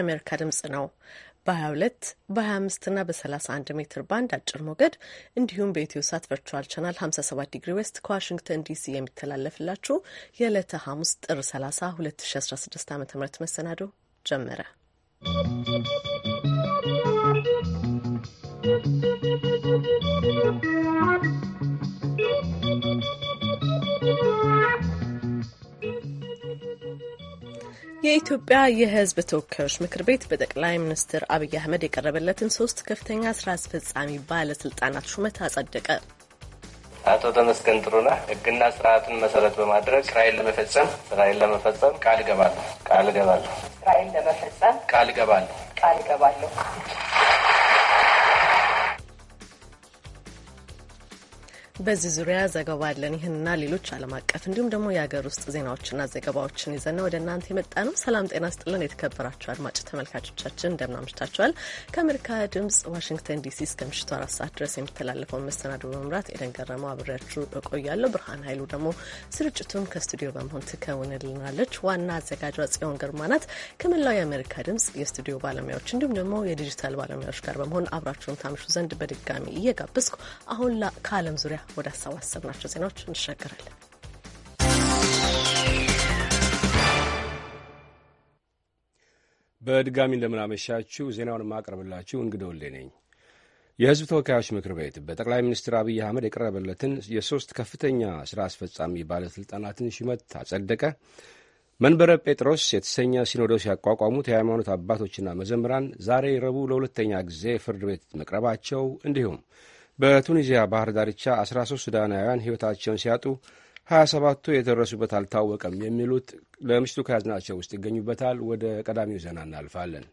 የአሜሪካ ድምጽ ነው። በ22 በ25 እና በ31 ሜትር ባንድ አጭር ሞገድ እንዲሁም በኢትዮ ሳት ቨርቹዋል ቻናል 57 ዲግሪ ዌስት ከዋሽንግተን ዲሲ የሚተላለፍላችሁ የዕለተ ሐሙስ ጥር 30 2016 ዓ ም መሰናዶ ጀመረ። የኢትዮጵያ የሕዝብ ተወካዮች ምክር ቤት በጠቅላይ ሚኒስትር አብይ አህመድ የቀረበለትን ሶስት ከፍተኛ ስራ አስፈጻሚ ባለስልጣናት ሹመት አጸደቀ። አቶ ተመስገን ጥሩነህ ህግና ስርዓትን መሰረት በማድረግ ስራዬን ለመፈጸም ስራዬን ለመፈጸም ቃል እገባለሁ ቃል እገባለሁ ስራዬን ለመፈጸም ቃል እገባለሁ ቃል እገባለሁ በዚህ ዙሪያ ዘገባ አለን። ይህንና ሌሎች ዓለም አቀፍ እንዲሁም ደግሞ የሀገር ውስጥ ዜናዎችና ዘገባዎችን ይዘን ወደ እናንተ የመጣ ነው። ሰላም ጤና ስጥልን። የተከበራችሁ አድማጭ ተመልካቾቻችን እንደምን ከአሜሪካ ድምጽ ዋሽንግተን ዲሲ እስከ ምሽቱ አራት ሰዓት ድረስ የሚተላለፈውን መሰናዶ በመምራት ኤደን ገረመው አብሬያችሁ እቆያለሁ። ብርሃን ኃይሉ ደግሞ ስርጭቱን ከስቱዲዮ በመሆን ትከውንልናለች። ዋና አዘጋጇ ጽዮን ግርማ ናት። ከመላው የአሜሪካ ድምጽ የስቱዲዮ ባለሙያዎች እንዲሁም ደግሞ የዲጂታል ባለሙያዎች ጋር በመሆን አብራችሁን ታምሹ ዘንድ በድጋሚ እየጋበዝኩ አሁን ከዓለም ዙሪያ ወደ አሰባሰብናቸው ዜናዎች እንሻገራለን። በድጋሚ እንደምናመሻችሁ ዜናውን የማቀርብላችሁ እንግዳ ወልዴ ነኝ። የሕዝብ ተወካዮች ምክር ቤት በጠቅላይ ሚኒስትር አብይ አህመድ የቀረበለትን የሶስት ከፍተኛ ሥራ አስፈጻሚ ባለሥልጣናትን ሹመት አጸደቀ። መንበረ ጴጥሮስ የተሰኘ ሲኖዶስ ያቋቋሙት የሃይማኖት አባቶችና መዘምራን ዛሬ ረቡዕ ለሁለተኛ ጊዜ ፍርድ ቤት መቅረባቸው እንዲሁም በቱኒዚያ ባህር ዳርቻ 13 ሱዳናውያን ሕይወታቸውን ሲያጡ 27ቱ የደረሱበት አልታወቀም የሚሉት ለምሽቱ ከያዝናቸው ውስጥ ይገኙበታል። ወደ ቀዳሚው ዜና እናልፋለን።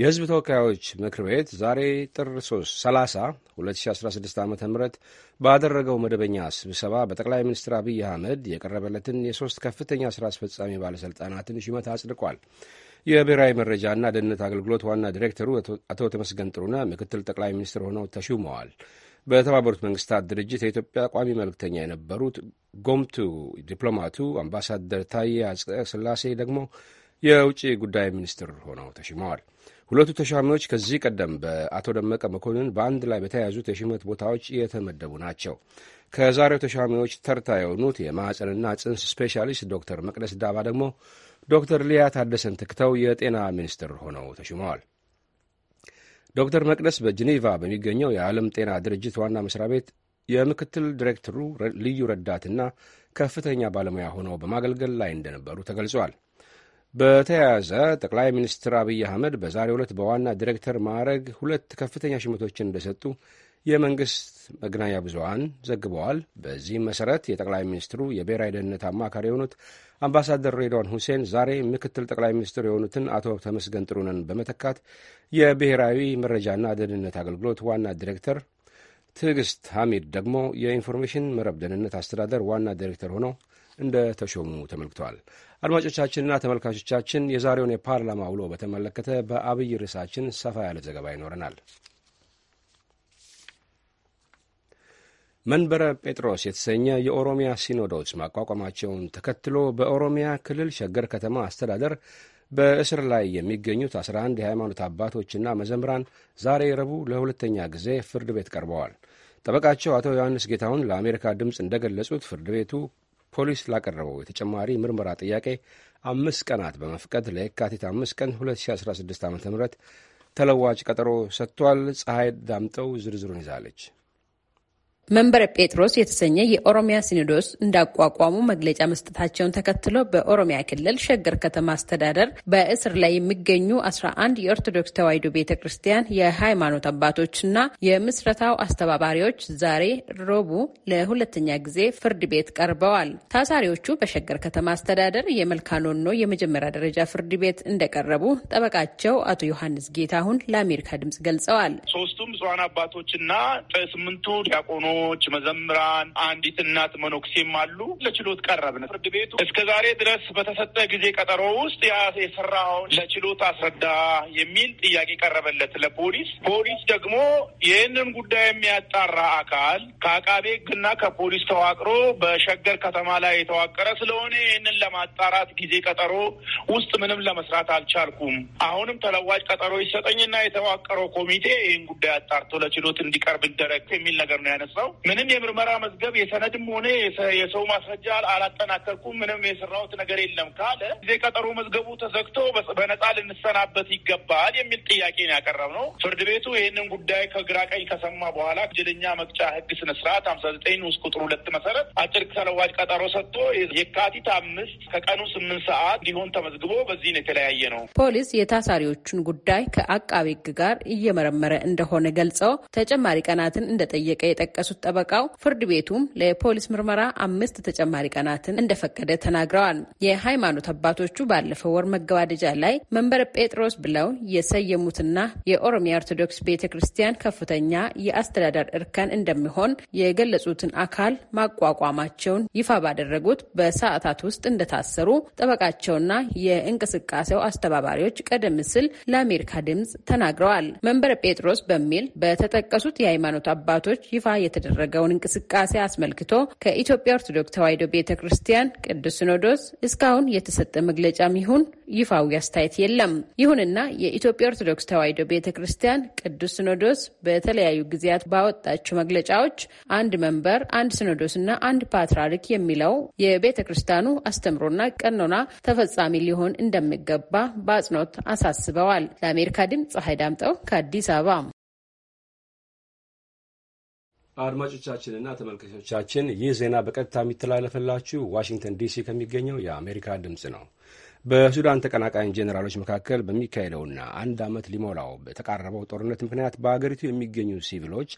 የሕዝብ ተወካዮች ምክር ቤት ዛሬ ጥር 3 30 2016 ዓ ም ባደረገው መደበኛ ስብሰባ በጠቅላይ ሚኒስትር አብይ አህመድ የቀረበለትን የሦስት ከፍተኛ ሥራ አስፈጻሚ ባለሥልጣናትን ሹመት አጽድቋል። የብሔራዊ መረጃና ደህንነት አገልግሎት ዋና ዲሬክተሩ አቶ ተመስገን ጥሩነህ ምክትል ጠቅላይ ሚኒስትር ሆነው ተሹመዋል። በተባበሩት መንግስታት ድርጅት የኢትዮጵያ ቋሚ መልእክተኛ የነበሩት ጎምቱ ዲፕሎማቱ አምባሳደር ታዬ አጽቀ ስላሴ ደግሞ የውጭ ጉዳይ ሚኒስትር ሆነው ተሽመዋል። ሁለቱ ተሿሚዎች ከዚህ ቀደም በአቶ ደመቀ መኮንን በአንድ ላይ በተያያዙት የሽመት ቦታዎች የተመደቡ ናቸው። ከዛሬው ተሿሚዎች ተርታ የሆኑት የማዕፀንና ጽንስ ስፔሻሊስት ዶክተር መቅደስ ዳባ ደግሞ ዶክተር ሊያ ታደሰን ተክተው የጤና ሚኒስትር ሆነው ተሹመዋል። ዶክተር መቅደስ በጄኔቫ በሚገኘው የዓለም ጤና ድርጅት ዋና መስሪያ ቤት የምክትል ዲሬክተሩ ልዩ ረዳትና ከፍተኛ ባለሙያ ሆነው በማገልገል ላይ እንደነበሩ ተገልጿል። በተያያዘ ጠቅላይ ሚኒስትር አብይ አህመድ በዛሬው ዕለት በዋና ዲሬክተር ማዕረግ ሁለት ከፍተኛ ሹመቶችን እንደሰጡ የመንግሥት መገናኛ ብዙሃን ዘግበዋል። በዚህም መሠረት የጠቅላይ ሚኒስትሩ የብሔራዊ ደህንነት አማካሪ የሆኑት አምባሳደር ሬድዋን ሁሴን ዛሬ ምክትል ጠቅላይ ሚኒስትር የሆኑትን አቶ ተመስገን ጥሩነን በመተካት የብሔራዊ መረጃና ደህንነት አገልግሎት ዋና ዲሬክተር፣ ትዕግስት ሐሚድ ደግሞ የኢንፎርሜሽን መረብ ደህንነት አስተዳደር ዋና ዲሬክተር ሆነው እንደ ተሾሙ ተመልክተዋል። አድማጮቻችንና ተመልካቾቻችን የዛሬውን የፓርላማ ውሎ በተመለከተ በአብይ ርዕሳችን ሰፋ ያለ ዘገባ ይኖረናል። መንበረ ጴጥሮስ የተሰኘ የኦሮሚያ ሲኖዶስ ማቋቋማቸውን ተከትሎ በኦሮሚያ ክልል ሸገር ከተማ አስተዳደር በእስር ላይ የሚገኙት 11 የሃይማኖት አባቶችና መዘምራን ዛሬ ረቡዕ ለሁለተኛ ጊዜ ፍርድ ቤት ቀርበዋል። ጠበቃቸው አቶ ዮሐንስ ጌታሁን ለአሜሪካ ድምፅ እንደገለጹት ፍርድ ቤቱ ፖሊስ ላቀረበው የተጨማሪ ምርመራ ጥያቄ አምስት ቀናት በመፍቀድ ለየካቲት አምስት ቀን 2016 ዓ ም ተለዋጭ ቀጠሮ ሰጥቷል። ፀሐይ ዳምጠው ዝርዝሩን ይዛለች። መንበረ ጴጥሮስ የተሰኘ የኦሮሚያ ሲኖዶስ እንዳቋቋሙ መግለጫ መስጠታቸውን ተከትሎ በኦሮሚያ ክልል ሸገር ከተማ አስተዳደር በእስር ላይ የሚገኙ አስራ የኦርቶዶክስ ተዋሕዶ ቤተ ክርስቲያን የሃይማኖት አባቶችና የምስረታው አስተባባሪዎች ዛሬ ረቡዕ ለሁለተኛ ጊዜ ፍርድ ቤት ቀርበዋል። ታሳሪዎቹ በሸገር ከተማ አስተዳደር የመልካኖኖ የመጀመሪያ ደረጃ ፍርድ ቤት እንደቀረቡ ጠበቃቸው አቶ ዮሐንስ ጌታሁን ለአሜሪካ ድምጽ ገልጸዋል። ሶስቱም ጽዋን አባቶችና ስምንቱ ዲያቆኖ ሐኪሞች፣ መዘምራን፣ አንዲት እናት መኖክሴም አሉ። ለችሎት ቀረብን። ፍርድ ቤቱ እስከ ዛሬ ድረስ በተሰጠ ጊዜ ቀጠሮ ውስጥ የሰራውን ለችሎት አስረዳ የሚል ጥያቄ ቀረበለት ለፖሊስ። ፖሊስ ደግሞ ይህንን ጉዳይ የሚያጣራ አካል ከአቃቤ ሕግና ከፖሊስ ተዋቅሮ በሸገር ከተማ ላይ የተዋቀረ ስለሆነ ይህንን ለማጣራት ጊዜ ቀጠሮ ውስጥ ምንም ለመስራት አልቻልኩም። አሁንም ተለዋጭ ቀጠሮ ይሰጠኝና የተዋቀረው ኮሚቴ ይህን ጉዳይ አጣርቶ ለችሎት እንዲቀርብ ይደረግ የሚል ነገር ነው ያነሳው። ምንም የምርመራ መዝገብ የሰነድም ሆነ የሰው ማስረጃ አላጠናከርኩም፣ ምንም የሰራሁት ነገር የለም ካለ ጊዜ ቀጠሮ መዝገቡ ተዘግቶ በነጻ ልንሰናበት ይገባል የሚል ጥያቄ ነው ያቀረብነው። ፍርድ ቤቱ ይህንን ጉዳይ ከግራ ቀኝ ከሰማ በኋላ ወንጀለኛ መቅጫ ህግ ስነስርዓት ስርዓት ሀምሳ ዘጠኝ ውስጥ ቁጥር ሁለት መሰረት አጭር ተለዋጭ ቀጠሮ ሰጥቶ የካቲት አምስት ከቀኑ ስምንት ሰዓት ሊሆን ተመዝግቦ በዚህ ነው የተለያየ ነው። ፖሊስ የታሳሪዎቹን ጉዳይ ከአቃቤ ህግ ጋር እየመረመረ እንደሆነ ገልጸው ተጨማሪ ቀናትን እንደጠየቀ የጠቀሱ የጠቀሱት ጠበቃው ፍርድ ቤቱም ለፖሊስ ምርመራ አምስት ተጨማሪ ቀናትን እንደፈቀደ ተናግረዋል። የሃይማኖት አባቶቹ ባለፈው ወር መገባደጃ ላይ መንበረ ጴጥሮስ ብለው የሰየሙትና የኦሮሚያ ኦርቶዶክስ ቤተ ክርስቲያን ከፍተኛ የአስተዳደር እርከን እንደሚሆን የገለጹትን አካል ማቋቋማቸውን ይፋ ባደረጉት በሰዓታት ውስጥ እንደታሰሩ ጠበቃቸውና የእንቅስቃሴው አስተባባሪዎች ቀደም ሲል ለአሜሪካ ድምፅ ተናግረዋል። መንበረ ጴጥሮስ በሚል በተጠቀሱት የሃይማኖት አባቶች ይፋ የተ የተደረገውን እንቅስቃሴ አስመልክቶ ከኢትዮጵያ ኦርቶዶክስ ተዋሕዶ ቤተ ክርስቲያን ቅዱስ ሲኖዶስ እስካሁን የተሰጠ መግለጫም ይሁን ይፋዊ አስተያየት የለም። ይሁንና የኢትዮጵያ ኦርቶዶክስ ተዋሕዶ ቤተ ክርስቲያን ቅዱስ ሲኖዶስ በተለያዩ ጊዜያት ባወጣቸው መግለጫዎች አንድ መንበር፣ አንድ ሲኖዶስና አንድ ፓትርያርክ የሚለው የቤተ ክርስቲያኑ አስተምሮና ቀኖና ተፈጻሚ ሊሆን እንደሚገባ በአጽንኦት አሳስበዋል። ለአሜሪካ ድምፅ ፀሐይ ዳምጠው ከአዲስ አበባ አድማጮቻችንና ተመልካቾቻችን ይህ ዜና በቀጥታ የሚተላለፍላችሁ ዋሽንግተን ዲሲ ከሚገኘው የአሜሪካ ድምፅ ነው። በሱዳን ተቀናቃኝ ጄኔራሎች መካከል በሚካሄደውና አንድ ዓመት ሊሞላው በተቃረበው ጦርነት ምክንያት በአገሪቱ የሚገኙ ሲቪሎች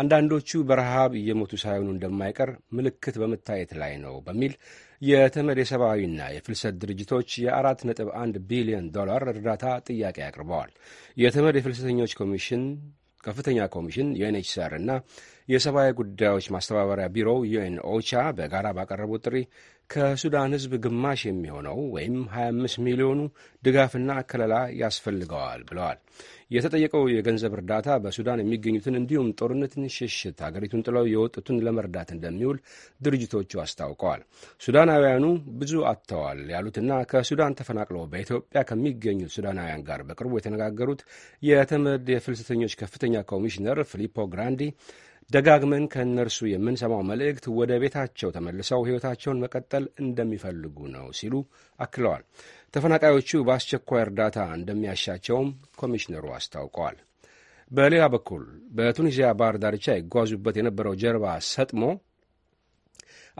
አንዳንዶቹ በረሃብ እየሞቱ ሳይሆኑ እንደማይቀር ምልክት በመታየት ላይ ነው በሚል የተመድ የሰብአዊና የፍልሰት ድርጅቶች የ4.1 ቢሊዮን ዶላር እርዳታ ጥያቄ አቅርበዋል። የተመድ የፍልሰተኞች ኮሚሽን ከፍተኛ ኮሚሽን ዩኤንኤችሲአር እና የሰብአዊ ጉዳዮች ማስተባበሪያ ቢሮው ዩኤን ኦቻ በጋራ ባቀረቡት ጥሪ ከሱዳን ሕዝብ ግማሽ የሚሆነው ወይም 25 ሚሊዮኑ ድጋፍና ከለላ ያስፈልገዋል ብለዋል። የተጠየቀው የገንዘብ እርዳታ በሱዳን የሚገኙትን እንዲሁም ጦርነትን ሽሽት አገሪቱን ጥለው የወጡትን ለመርዳት እንደሚውል ድርጅቶቹ አስታውቀዋል። ሱዳናውያኑ ብዙ አጥተዋል ያሉትና ከሱዳን ተፈናቅለው በኢትዮጵያ ከሚገኙት ሱዳናውያን ጋር በቅርቡ የተነጋገሩት የተመድ የፍልሰተኞች ከፍተኛ ኮሚሽነር ፊሊፖ ግራንዲ ደጋግመን ከእነርሱ የምንሰማው መልእክት ወደ ቤታቸው ተመልሰው ሕይወታቸውን መቀጠል እንደሚፈልጉ ነው ሲሉ አክለዋል። ተፈናቃዮቹ በአስቸኳይ እርዳታ እንደሚያሻቸውም ኮሚሽነሩ አስታውቀዋል። በሌላ በኩል በቱኒዚያ ባህር ዳርቻ ይጓዙበት የነበረው ጀልባ ሰጥሞ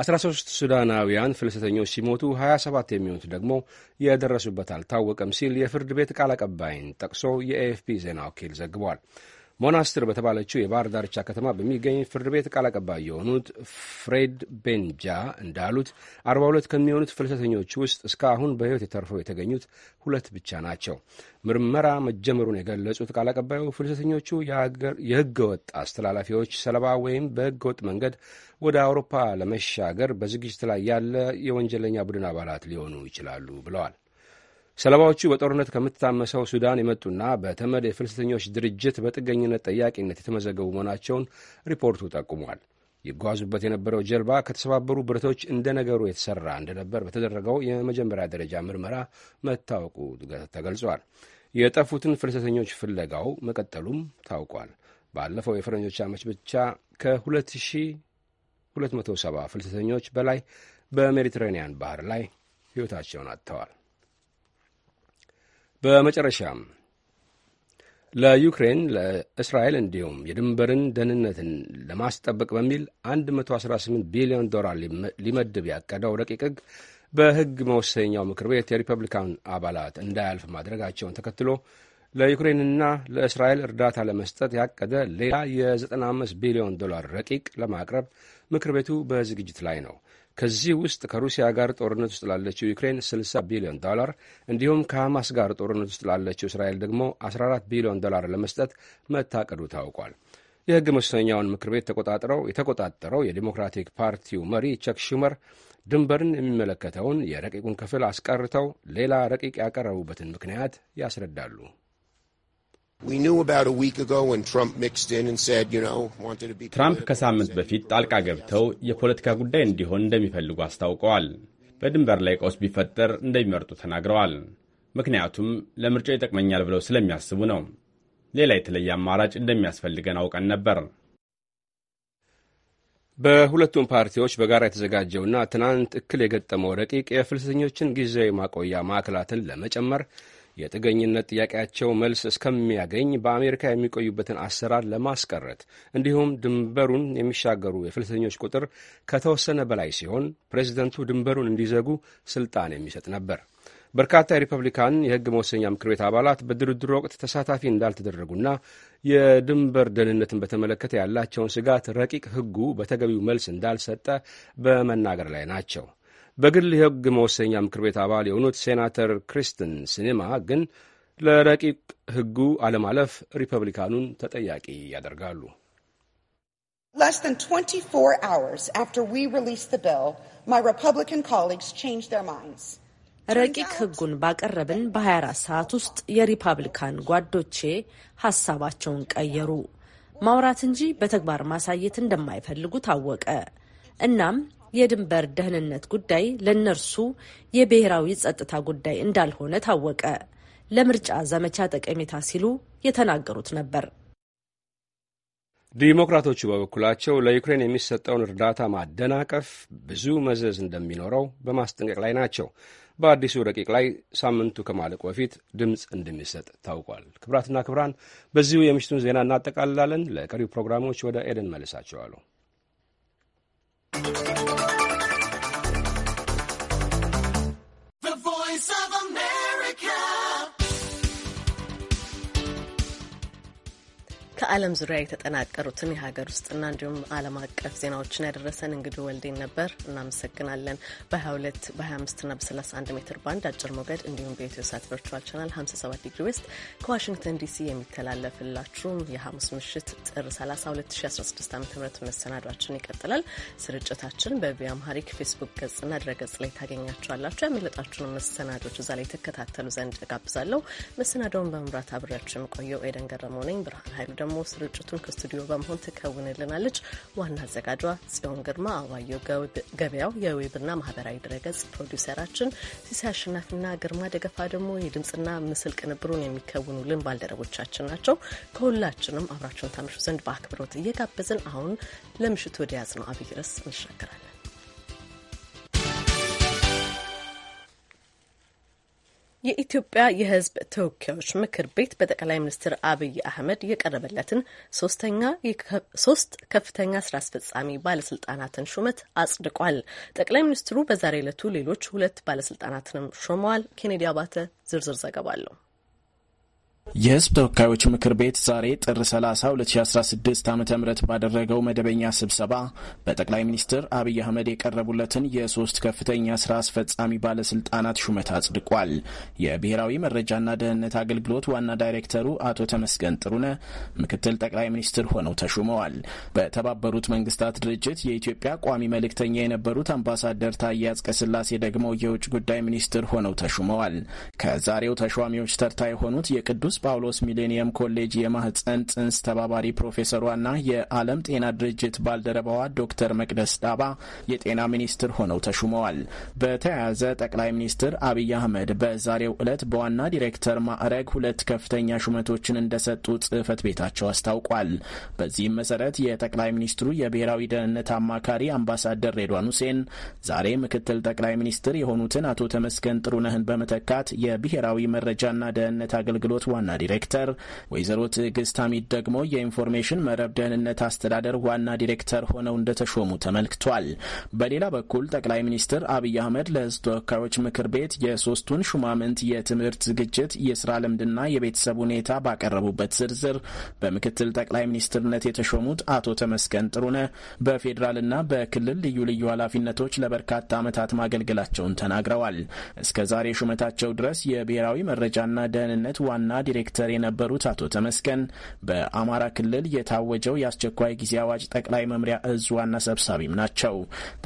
13 ሱዳናውያን ፍልሰተኞች ሲሞቱ 27 የሚሆኑት ደግሞ የደረሱበት አልታወቀም ሲል የፍርድ ቤት ቃል አቀባይን ጠቅሶ የኤኤፍፒ ዜና ወኪል ዘግቧል። ሞናስትር በተባለችው የባህር ዳርቻ ከተማ በሚገኝ ፍርድ ቤት ቃል አቀባይ የሆኑት ፍሬድ ቤንጃ እንዳሉት 42 ከሚሆኑት ፍልሰተኞች ውስጥ እስካሁን በሕይወት የተርፈው የተገኙት ሁለት ብቻ ናቸው። ምርመራ መጀመሩን የገለጹት ቃል አቀባዩ ፍልሰተኞቹ የሕገ ወጥ አስተላላፊዎች ሰለባ ወይም በሕገ ወጥ መንገድ ወደ አውሮፓ ለመሻገር በዝግጅት ላይ ያለ የወንጀለኛ ቡድን አባላት ሊሆኑ ይችላሉ ብለዋል። ሰለባዎቹ በጦርነት ከምትታመሰው ሱዳን የመጡና በተመድ የፍልሰተኞች ድርጅት በጥገኝነት ጠያቂነት የተመዘገቡ መሆናቸውን ሪፖርቱ ጠቁሟል። ይጓዙበት የነበረው ጀልባ ከተሰባበሩ ብረቶች እንደ ነገሩ የተሰራ እንደነበር በተደረገው የመጀመሪያ ደረጃ ምርመራ መታወቁ ተገልጿል። የጠፉትን ፍልሰተኞች ፍለጋው መቀጠሉም ታውቋል። ባለፈው የፈረንጆች ዓመት ብቻ ከ2270 ፍልሰተኞች በላይ በሜዲትራኒያን ባህር ላይ ሕይወታቸውን አጥተዋል። በመጨረሻም ለዩክሬን ለእስራኤል እንዲሁም የድንበርን ደህንነትን ለማስጠበቅ በሚል 118 ቢሊዮን ዶላር ሊመድብ ያቀደው ረቂቅ ሕግ በሕግ መወሰኛው ምክር ቤት የሪፐብሊካን አባላት እንዳያልፍ ማድረጋቸውን ተከትሎ ለዩክሬንና ለእስራኤል እርዳታ ለመስጠት ያቀደ ሌላ የ95 ቢሊዮን ዶላር ረቂቅ ለማቅረብ ምክር ቤቱ በዝግጅት ላይ ነው። ከዚህ ውስጥ ከሩሲያ ጋር ጦርነት ውስጥ ላለችው ዩክሬን 60 ቢሊዮን ዶላር እንዲሁም ከሐማስ ጋር ጦርነት ውስጥ ላለችው እስራኤል ደግሞ 14 ቢሊዮን ዶላር ለመስጠት መታቀዱ ታውቋል። የሕግ መወሰኛውን ምክር ቤት ተቆጣጥረው የተቆጣጠረው የዲሞክራቲክ ፓርቲው መሪ ቸክ ሹመር ድንበርን የሚመለከተውን የረቂቁን ክፍል አስቀርተው ሌላ ረቂቅ ያቀረቡበትን ምክንያት ያስረዳሉ። ትራምፕ ከሳምንት በፊት ጣልቃ ገብተው የፖለቲካ ጉዳይ እንዲሆን እንደሚፈልጉ አስታውቀዋል። በድንበር ላይ ቀውስ ቢፈጠር እንደሚመርጡ ተናግረዋል። ምክንያቱም ለምርጫው ይጠቅመኛል ብለው ስለሚያስቡ ነው። ሌላ የተለየ አማራጭ እንደሚያስፈልገን አውቀን ነበር። በሁለቱም ፓርቲዎች በጋራ የተዘጋጀውና ትናንት እክል የገጠመው ረቂቅ የፍልሰተኞችን ጊዜያዊ ማቆያ ማዕከላትን ለመጨመር የጥገኝነት ጥያቄያቸው መልስ እስከሚያገኝ በአሜሪካ የሚቆዩበትን አሰራር ለማስቀረት እንዲሁም ድንበሩን የሚሻገሩ የፍልሰተኞች ቁጥር ከተወሰነ በላይ ሲሆን ፕሬዚደንቱ ድንበሩን እንዲዘጉ ስልጣን የሚሰጥ ነበር። በርካታ የሪፐብሊካን የሕግ መወሰኛ ምክር ቤት አባላት በድርድሩ ወቅት ተሳታፊ እንዳልተደረጉና የድንበር ደህንነትን በተመለከተ ያላቸውን ስጋት ረቂቅ ሕጉ በተገቢው መልስ እንዳልሰጠ በመናገር ላይ ናቸው። በግል የሕግ መወሰኛ ምክር ቤት አባል የሆኑት ሴናተር ክሪስትን ሲኔማ ግን ለረቂቅ ሕጉ አለማለፍ ሪፐብሊካኑን ተጠያቂ ያደርጋሉ። ረቂቅ ህጉን ባቀረብን በ24 ሰዓት ውስጥ የሪፐብሊካን ጓዶቼ ሐሳባቸውን ቀየሩ። ማውራት እንጂ በተግባር ማሳየት እንደማይፈልጉ ታወቀ። እናም የድንበር ደህንነት ጉዳይ ለእነርሱ የብሔራዊ ጸጥታ ጉዳይ እንዳልሆነ ታወቀ። ለምርጫ ዘመቻ ጠቀሜታ ሲሉ የተናገሩት ነበር። ዲሞክራቶቹ በበኩላቸው ለዩክሬን የሚሰጠውን እርዳታ ማደናቀፍ ብዙ መዘዝ እንደሚኖረው በማስጠንቀቅ ላይ ናቸው። በአዲሱ ረቂቅ ላይ ሳምንቱ ከማለቁ በፊት ድምፅ እንደሚሰጥ ታውቋል። ክብራትና ክብራን፣ በዚሁ የምሽቱን ዜና እናጠቃልላለን። ለቀሪው ፕሮግራሞች ወደ ኤደን መለሳቸዋለሁ። ከዓለም ዙሪያ የተጠናቀሩትን የሀገር ውስጥና እንዲሁም ዓለም አቀፍ ዜናዎችን ያደረሰን እንግዲ ወልዴን ነበር። እናመሰግናለን። በ22 በ25ና በ31 ሜትር ባንድ አጭር ሞገድ እንዲሁም በኢትዮ ሳት ቨርቹዋል ቻናል 57 ዲግሪ ዌስት ከዋሽንግተን ዲሲ የሚተላለፍላችሁም የሐሙስ ምሽት ጥር 30 2016 ዓ ም መሰናዷችን ይቀጥላል። ስርጭታችን በቪኦኤ አምሃሪክ ፌስቡክ ገጽና ድረገጽ ላይ ታገኛችኋላችሁ። ያመለጣችሁን መሰናዶች እዛ ላይ ተከታተሉ ዘንድ ጋብዛለሁ። መሰናዶውን በመምራት አብሬያችሁ የምቆየው ኤደን ገረመው ነኝ። ብርሃን ኃይሉ ደግሞ ደግሞ ስርጭቱን ከስቱዲዮ በመሆን ትከውንልናለች። ዋና አዘጋጇ ጽዮን ግርማ፣ አባየው ገበያው የዌብና ማህበራዊ ድረገጽ ፕሮዲውሰራችን፣ ሲሲ አሸናፊና ግርማ ደገፋ ደግሞ የድምፅና ምስል ቅንብሩን የሚከውኑልን ባልደረቦቻችን ናቸው። ከሁላችንም አብራችሁን ታምሹ ዘንድ በአክብሮት እየጋበዝን አሁን ለምሽቱ ወደ ያዝ ነው አብይ ርዕስ እንሻገራለን። የኢትዮጵያ የሕዝብ ተወካዮች ምክር ቤት በጠቅላይ ሚኒስትር አብይ አህመድ የቀረበለትን ሶስተኛ ሶስት ከፍተኛ ስራ አስፈጻሚ ባለስልጣናትን ሹመት አጽድቋል። ጠቅላይ ሚኒስትሩ በዛሬ ዕለቱ ሌሎች ሁለት ባለስልጣናትንም ሾመዋል። ኬኔዲ አባተ ዝርዝር ዘገባ አለው። የህዝብ ተወካዮች ምክር ቤት ዛሬ ጥር 30 2016 ዓ ም ባደረገው መደበኛ ስብሰባ በጠቅላይ ሚኒስትር አብይ አህመድ የቀረቡለትን የሶስት ከፍተኛ ስራ አስፈጻሚ ባለስልጣናት ሹመት አጽድቋል። የብሔራዊ መረጃና ደህንነት አገልግሎት ዋና ዳይሬክተሩ አቶ ተመስገን ጥሩነ ምክትል ጠቅላይ ሚኒስትር ሆነው ተሹመዋል። በተባበሩት መንግስታት ድርጅት የኢትዮጵያ ቋሚ መልእክተኛ የነበሩት አምባሳደር ታዬ አጽቀሥላሴ ደግሞ የውጭ ጉዳይ ሚኒስትር ሆነው ተሹመዋል። ከዛሬው ተሿሚዎች ተርታ የሆኑት የቅዱስ ቅዱስ ጳውሎስ ሚሌኒየም ኮሌጅ የማህፀን ጽንስ ተባባሪ ፕሮፌሰሯና የዓለም ጤና ድርጅት ባልደረባዋ ዶክተር መቅደስ ዳባ የጤና ሚኒስትር ሆነው ተሹመዋል። በተያያዘ ጠቅላይ ሚኒስትር አብይ አህመድ በዛሬው ዕለት በዋና ዲሬክተር ማዕረግ ሁለት ከፍተኛ ሹመቶችን እንደሰጡ ጽህፈት ቤታቸው አስታውቋል። በዚህም መሰረት የጠቅላይ ሚኒስትሩ የብሔራዊ ደህንነት አማካሪ አምባሳደር ሬድዋን ሁሴን ዛሬ ምክትል ጠቅላይ ሚኒስትር የሆኑትን አቶ ተመስገን ጥሩነህን በመተካት የብሔራዊ መረጃና ደህንነት አገልግሎት ዋና ዋና ዲሬክተር፣ ወይዘሮ ትዕግስት አሚድ ደግሞ የኢንፎርሜሽን መረብ ደህንነት አስተዳደር ዋና ዲሬክተር ሆነው እንደተሾሙ ተመልክቷል። በሌላ በኩል ጠቅላይ ሚኒስትር አብይ አህመድ ለህዝብ ተወካዮች ምክር ቤት የሶስቱን ሹማምንት የትምህርት ዝግጅት፣ የስራ ልምድና የቤተሰብ ሁኔታ ባቀረቡበት ዝርዝር በምክትል ጠቅላይ ሚኒስትርነት የተሾሙት አቶ ተመስገን ጥሩነህ በፌዴራልና በክልል ልዩ ልዩ ኃላፊነቶች ለበርካታ ዓመታት ማገልገላቸውን ተናግረዋል። እስከ ዛሬ ሹመታቸው ድረስ የብሔራዊ መረጃና ደህንነት ዋና ዲሬክተር የነበሩት አቶ ተመስገን በአማራ ክልል የታወጀው የአስቸኳይ ጊዜ አዋጅ ጠቅላይ መምሪያ እዝ ዋና ሰብሳቢም ናቸው።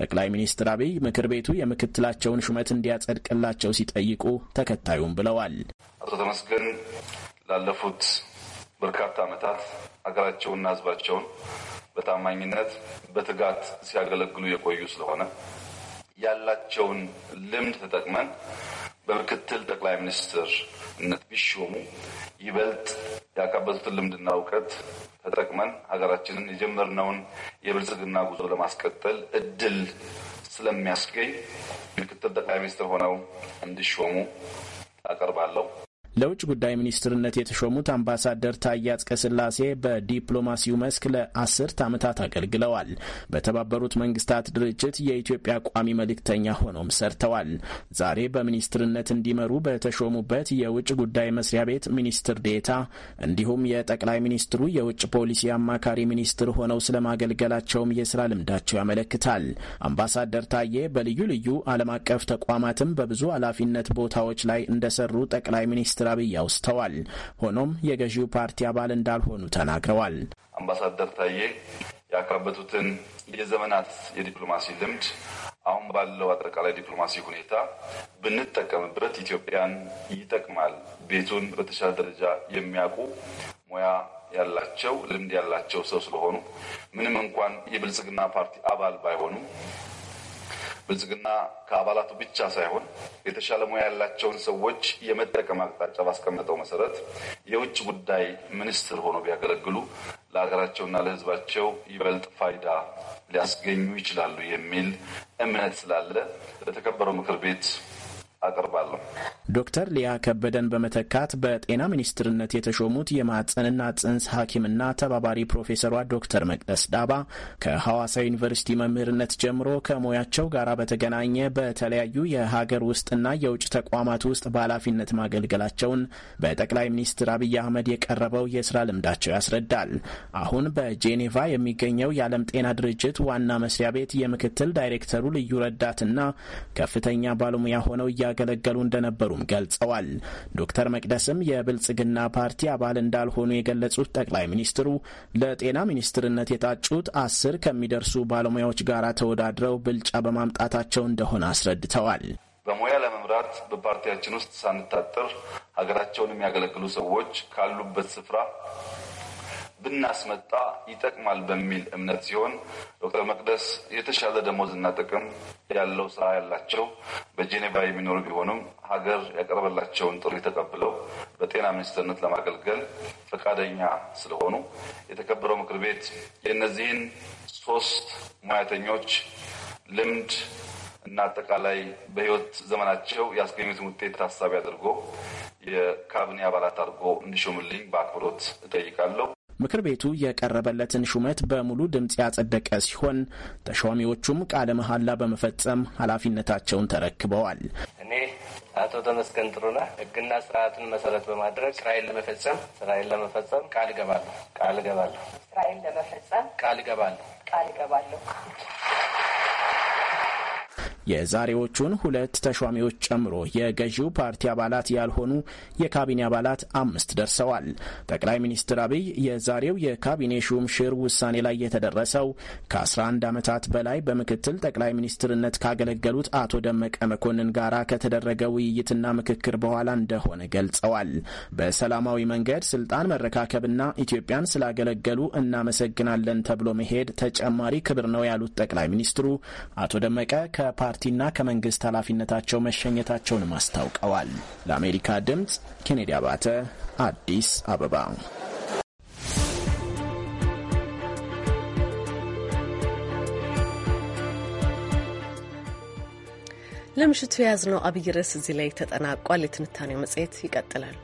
ጠቅላይ ሚኒስትር አብይ ምክር ቤቱ የምክትላቸውን ሹመት እንዲያጸድቅላቸው ሲጠይቁ ተከታዩም ብለዋል። አቶ ተመስገን ላለፉት በርካታ ዓመታት ሀገራቸውንና ህዝባቸውን በታማኝነት በትጋት ሲያገለግሉ የቆዩ ስለሆነ ያላቸውን ልምድ ተጠቅመን በምክትል ጠቅላይ ሚኒስትርነት ቢሾሙ ይበልጥ ያካበቱትን ልምድና እውቀት ተጠቅመን ሀገራችንን የጀመርነውን የብልጽግና ጉዞ ለማስቀጠል እድል ስለሚያስገኝ ምክትል ጠቅላይ ሚኒስትር ሆነው እንዲሾሙ አቀርባለሁ። ለውጭ ጉዳይ ሚኒስትርነት የተሾሙት አምባሳደር ታዬ አጽቀሥላሴ በዲፕሎማሲው መስክ ለአስርት ዓመታት አገልግለዋል። በተባበሩት መንግስታት ድርጅት የኢትዮጵያ ቋሚ መልእክተኛ ሆነውም ሰርተዋል። ዛሬ በሚኒስትርነት እንዲመሩ በተሾሙበት የውጭ ጉዳይ መስሪያ ቤት ሚኒስትር ዴታ እንዲሁም የጠቅላይ ሚኒስትሩ የውጭ ፖሊሲ አማካሪ ሚኒስትር ሆነው ስለማገልገላቸውም የስራ ልምዳቸው ያመለክታል። አምባሳደር ታዬ በልዩ ልዩ ዓለም አቀፍ ተቋማትም በብዙ ኃላፊነት ቦታዎች ላይ እንደሰሩ ጠቅላይ ሚኒስትር ዶክተር አብይ አውስተዋል። ሆኖም የገዢው ፓርቲ አባል እንዳልሆኑ ተናግረዋል። አምባሳደር ታዬ ያካበቱትን የዘመናት የዲፕሎማሲ ልምድ አሁን ባለው አጠቃላይ ዲፕሎማሲ ሁኔታ ብንጠቀምበት ኢትዮጵያን ይጠቅማል። ቤቱን በተሻለ ደረጃ የሚያውቁ ሙያ ያላቸው ልምድ ያላቸው ሰው ስለሆኑ ምንም እንኳን የብልጽግና ፓርቲ አባል ባይሆኑም ብልጽግና ከአባላቱ ብቻ ሳይሆን የተሻለ ሙያ ያላቸውን ሰዎች የመጠቀም አቅጣጫ ባስቀመጠው መሰረት የውጭ ጉዳይ ሚኒስትር ሆኖ ቢያገለግሉ ለሀገራቸውና ለሕዝባቸው ይበልጥ ፋይዳ ሊያስገኙ ይችላሉ የሚል እምነት ስላለ ለተከበረው ምክር ቤት አቅርባለሁ። ዶክተር ሊያ ከበደን በመተካት በጤና ሚኒስትርነት የተሾሙት የማህፀንና ጽንስ ሐኪምና ተባባሪ ፕሮፌሰሯ ዶክተር መቅደስ ዳባ ከሐዋሳ ዩኒቨርሲቲ መምህርነት ጀምሮ ከሙያቸው ጋር በተገናኘ በተለያዩ የሀገር ውስጥና የውጭ ተቋማት ውስጥ በኃላፊነት ማገልገላቸውን በጠቅላይ ሚኒስትር አብይ አህመድ የቀረበው የስራ ልምዳቸው ያስረዳል። አሁን በጄኔቫ የሚገኘው የዓለም ጤና ድርጅት ዋና መስሪያ ቤት የምክትል ዳይሬክተሩ ልዩ ረዳትና ከፍተኛ ባለሙያ ሆነው እያ ሲያገለገሉ እንደነበሩም ገልጸዋል። ዶክተር መቅደስም የብልጽግና ፓርቲ አባል እንዳልሆኑ የገለጹት ጠቅላይ ሚኒስትሩ ለጤና ሚኒስትርነት የታጩት አስር ከሚደርሱ ባለሙያዎች ጋር ተወዳድረው ብልጫ በማምጣታቸው እንደሆነ አስረድተዋል። በሙያ ለመምራት በፓርቲያችን ውስጥ ሳንታጥር ሀገራቸውን የሚያገለግሉ ሰዎች ካሉበት ስፍራ ብናስመጣ ይጠቅማል በሚል እምነት ሲሆን ዶክተር መቅደስ የተሻለ ደሞዝና ጥቅም ያለው ስራ ያላቸው በጄኔቫ የሚኖሩ ቢሆኑም ሀገር ያቀረበላቸውን ጥሪ ተቀብለው በጤና ሚኒስትርነት ለማገልገል ፈቃደኛ ስለሆኑ የተከበረው ምክር ቤት የእነዚህን ሶስት ሙያተኞች ልምድ እና አጠቃላይ በህይወት ዘመናቸው ያስገኙትን ውጤት ታሳቢ አድርጎ የካቢኔ አባላት አድርጎ እንዲሾምልኝ በአክብሮት እጠይቃለሁ። ምክር ቤቱ የቀረበለትን ሹመት በሙሉ ድምፅ ያጸደቀ ሲሆን ተሿሚዎቹም ቃለ መሐላ በመፈጸም ኃላፊነታቸውን ተረክበዋል። እኔ አቶ ተመስገን ጥሩነህ ሕግና ስርዓትን መሰረት በማድረግ ስራዬን ለመፈጸም ስራዬን ለመፈጸም ቃል እገባለሁ ቃል እገባለሁ ስራዬን ለመፈጸም ቃል እገባለሁ ቃል እገባለሁ የዛሬዎቹን ሁለት ተሿሚዎች ጨምሮ የገዢው ፓርቲ አባላት ያልሆኑ የካቢኔ አባላት አምስት ደርሰዋል። ጠቅላይ ሚኒስትር አብይ የዛሬው የካቢኔ ሹም ሽር ውሳኔ ላይ የተደረሰው ከ11 ዓመታት በላይ በምክትል ጠቅላይ ሚኒስትርነት ካገለገሉት አቶ ደመቀ መኮንን ጋራ ከተደረገ ውይይትና ምክክር በኋላ እንደሆነ ገልጸዋል። በሰላማዊ መንገድ ስልጣን መረካከብና ኢትዮጵያን ስላገለገሉ እናመሰግናለን ተብሎ መሄድ ተጨማሪ ክብር ነው ያሉት ጠቅላይ ሚኒስትሩ አቶ ደመቀ ከፓርቲ ፓርቲና ከመንግስት ኃላፊነታቸው መሸኘታቸውንም አስታውቀዋል። ለአሜሪካ ድምፅ ኬኔዲ አባተ አዲስ አበባ። ለምሽቱ የያዝነው አብይ ርዕስ እዚህ ላይ ተጠናቋል። የትንታኔው መጽሔት ይቀጥላል።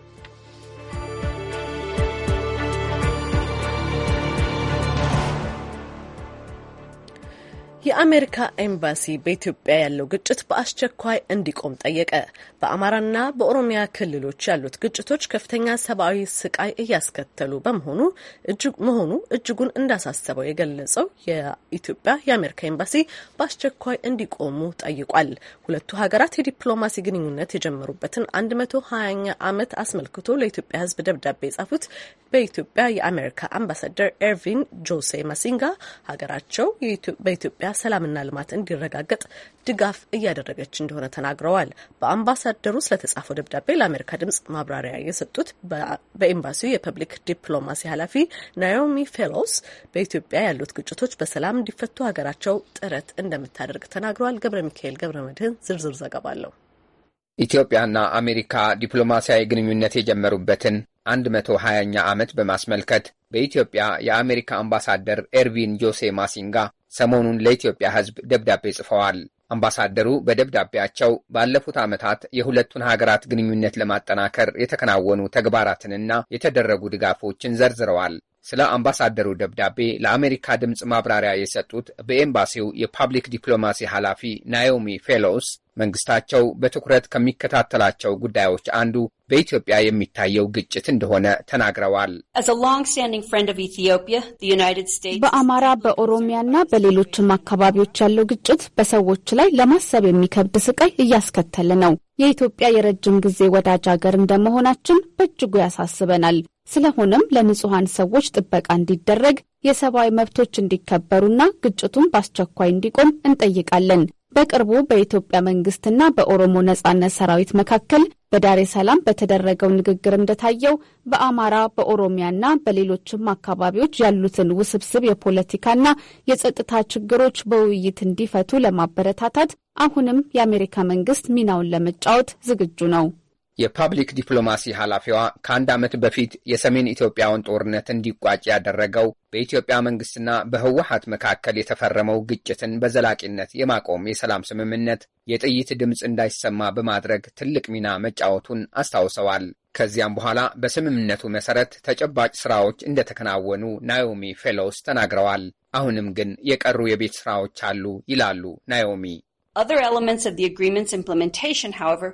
የአሜሪካ ኤምባሲ በኢትዮጵያ ያለው ግጭት በአስቸኳይ እንዲቆም ጠየቀ። በአማራና በኦሮሚያ ክልሎች ያሉት ግጭቶች ከፍተኛ ሰብአዊ ስቃይ እያስከተሉ በመሆኑ መሆኑ እጅጉን እንዳሳሰበው የገለጸው የኢትዮጵያ የአሜሪካ ኤምባሲ በአስቸኳይ እንዲቆሙ ጠይቋል። ሁለቱ ሀገራት የዲፕሎማሲ ግንኙነት የጀመሩበትን 120ኛ ዓመት አስመልክቶ ለኢትዮጵያ ሕዝብ ደብዳቤ የጻፉት በኢትዮጵያ የአሜሪካ አምባሳደር ኤርቪን ጆሴ ማሲንጋ ሀገራቸው በኢትዮጵያ ሰላምና ልማት እንዲረጋገጥ ድጋፍ እያደረገች እንደሆነ ተናግረዋል። በአምባሳደሩ ስለተጻፈው ደብዳቤ ለአሜሪካ ድምጽ ማብራሪያ የሰጡት በኤምባሲው የፐብሊክ ዲፕሎማሲ ኃላፊ ናዮሚ ፌሎስ በኢትዮጵያ ያሉት ግጭቶች በሰላም እንዲፈቱ ሀገራቸው ጥረት እንደምታደርግ ተናግረዋል። ገብረ ሚካኤል ገብረ መድህን ዝርዝር ዘገባ አለው። ኢትዮጵያና አሜሪካ ዲፕሎማሲያዊ ግንኙነት የጀመሩበትን 120ኛ ዓመት በማስመልከት በኢትዮጵያ የአሜሪካ አምባሳደር ኤርቪን ጆሴ ማሲንጋ ሰሞኑን ለኢትዮጵያ ሕዝብ ደብዳቤ ጽፈዋል። አምባሳደሩ በደብዳቤያቸው ባለፉት ዓመታት የሁለቱን ሀገራት ግንኙነት ለማጠናከር የተከናወኑ ተግባራትንና የተደረጉ ድጋፎችን ዘርዝረዋል። ስለ አምባሳደሩ ደብዳቤ ለአሜሪካ ድምፅ ማብራሪያ የሰጡት በኤምባሲው የፓብሊክ ዲፕሎማሲ ኃላፊ ናዮሚ ፌሎስ መንግስታቸው በትኩረት ከሚከታተላቸው ጉዳዮች አንዱ በኢትዮጵያ የሚታየው ግጭት እንደሆነ ተናግረዋል። በአማራ በኦሮሚያና በሌሎችም አካባቢዎች ያለው ግጭት በሰዎች ላይ ለማሰብ የሚከብድ ስቃይ እያስከተለ ነው። የኢትዮጵያ የረጅም ጊዜ ወዳጅ ሀገር እንደመሆናችን በእጅጉ ያሳስበናል። ስለሆነም ለንጹሐን ሰዎች ጥበቃ እንዲደረግ፣ የሰብአዊ መብቶች እንዲከበሩና ግጭቱን በአስቸኳይ እንዲቆም እንጠይቃለን። በቅርቡ በኢትዮጵያ መንግስትና በኦሮሞ ነጻነት ሰራዊት መካከል በዳሬ ሰላም በተደረገው ንግግር እንደታየው በአማራ በኦሮሚያና በሌሎችም አካባቢዎች ያሉትን ውስብስብ የፖለቲካና የጸጥታ ችግሮች በውይይት እንዲፈቱ ለማበረታታት አሁንም የአሜሪካ መንግስት ሚናውን ለመጫወት ዝግጁ ነው። የፓብሊክ ዲፕሎማሲ ኃላፊዋ ከአንድ ዓመት በፊት የሰሜን ኢትዮጵያውን ጦርነት እንዲቋጭ ያደረገው በኢትዮጵያ መንግስትና በህወሀት መካከል የተፈረመው ግጭትን በዘላቂነት የማቆም የሰላም ስምምነት የጥይት ድምፅ እንዳይሰማ በማድረግ ትልቅ ሚና መጫወቱን አስታውሰዋል። ከዚያም በኋላ በስምምነቱ መሰረት ተጨባጭ ስራዎች እንደተከናወኑ ናዮሚ ፌሎስ ተናግረዋል። አሁንም ግን የቀሩ የቤት ስራዎች አሉ ይላሉ ናዮሚ። Other elements of the agreement's implementation, however,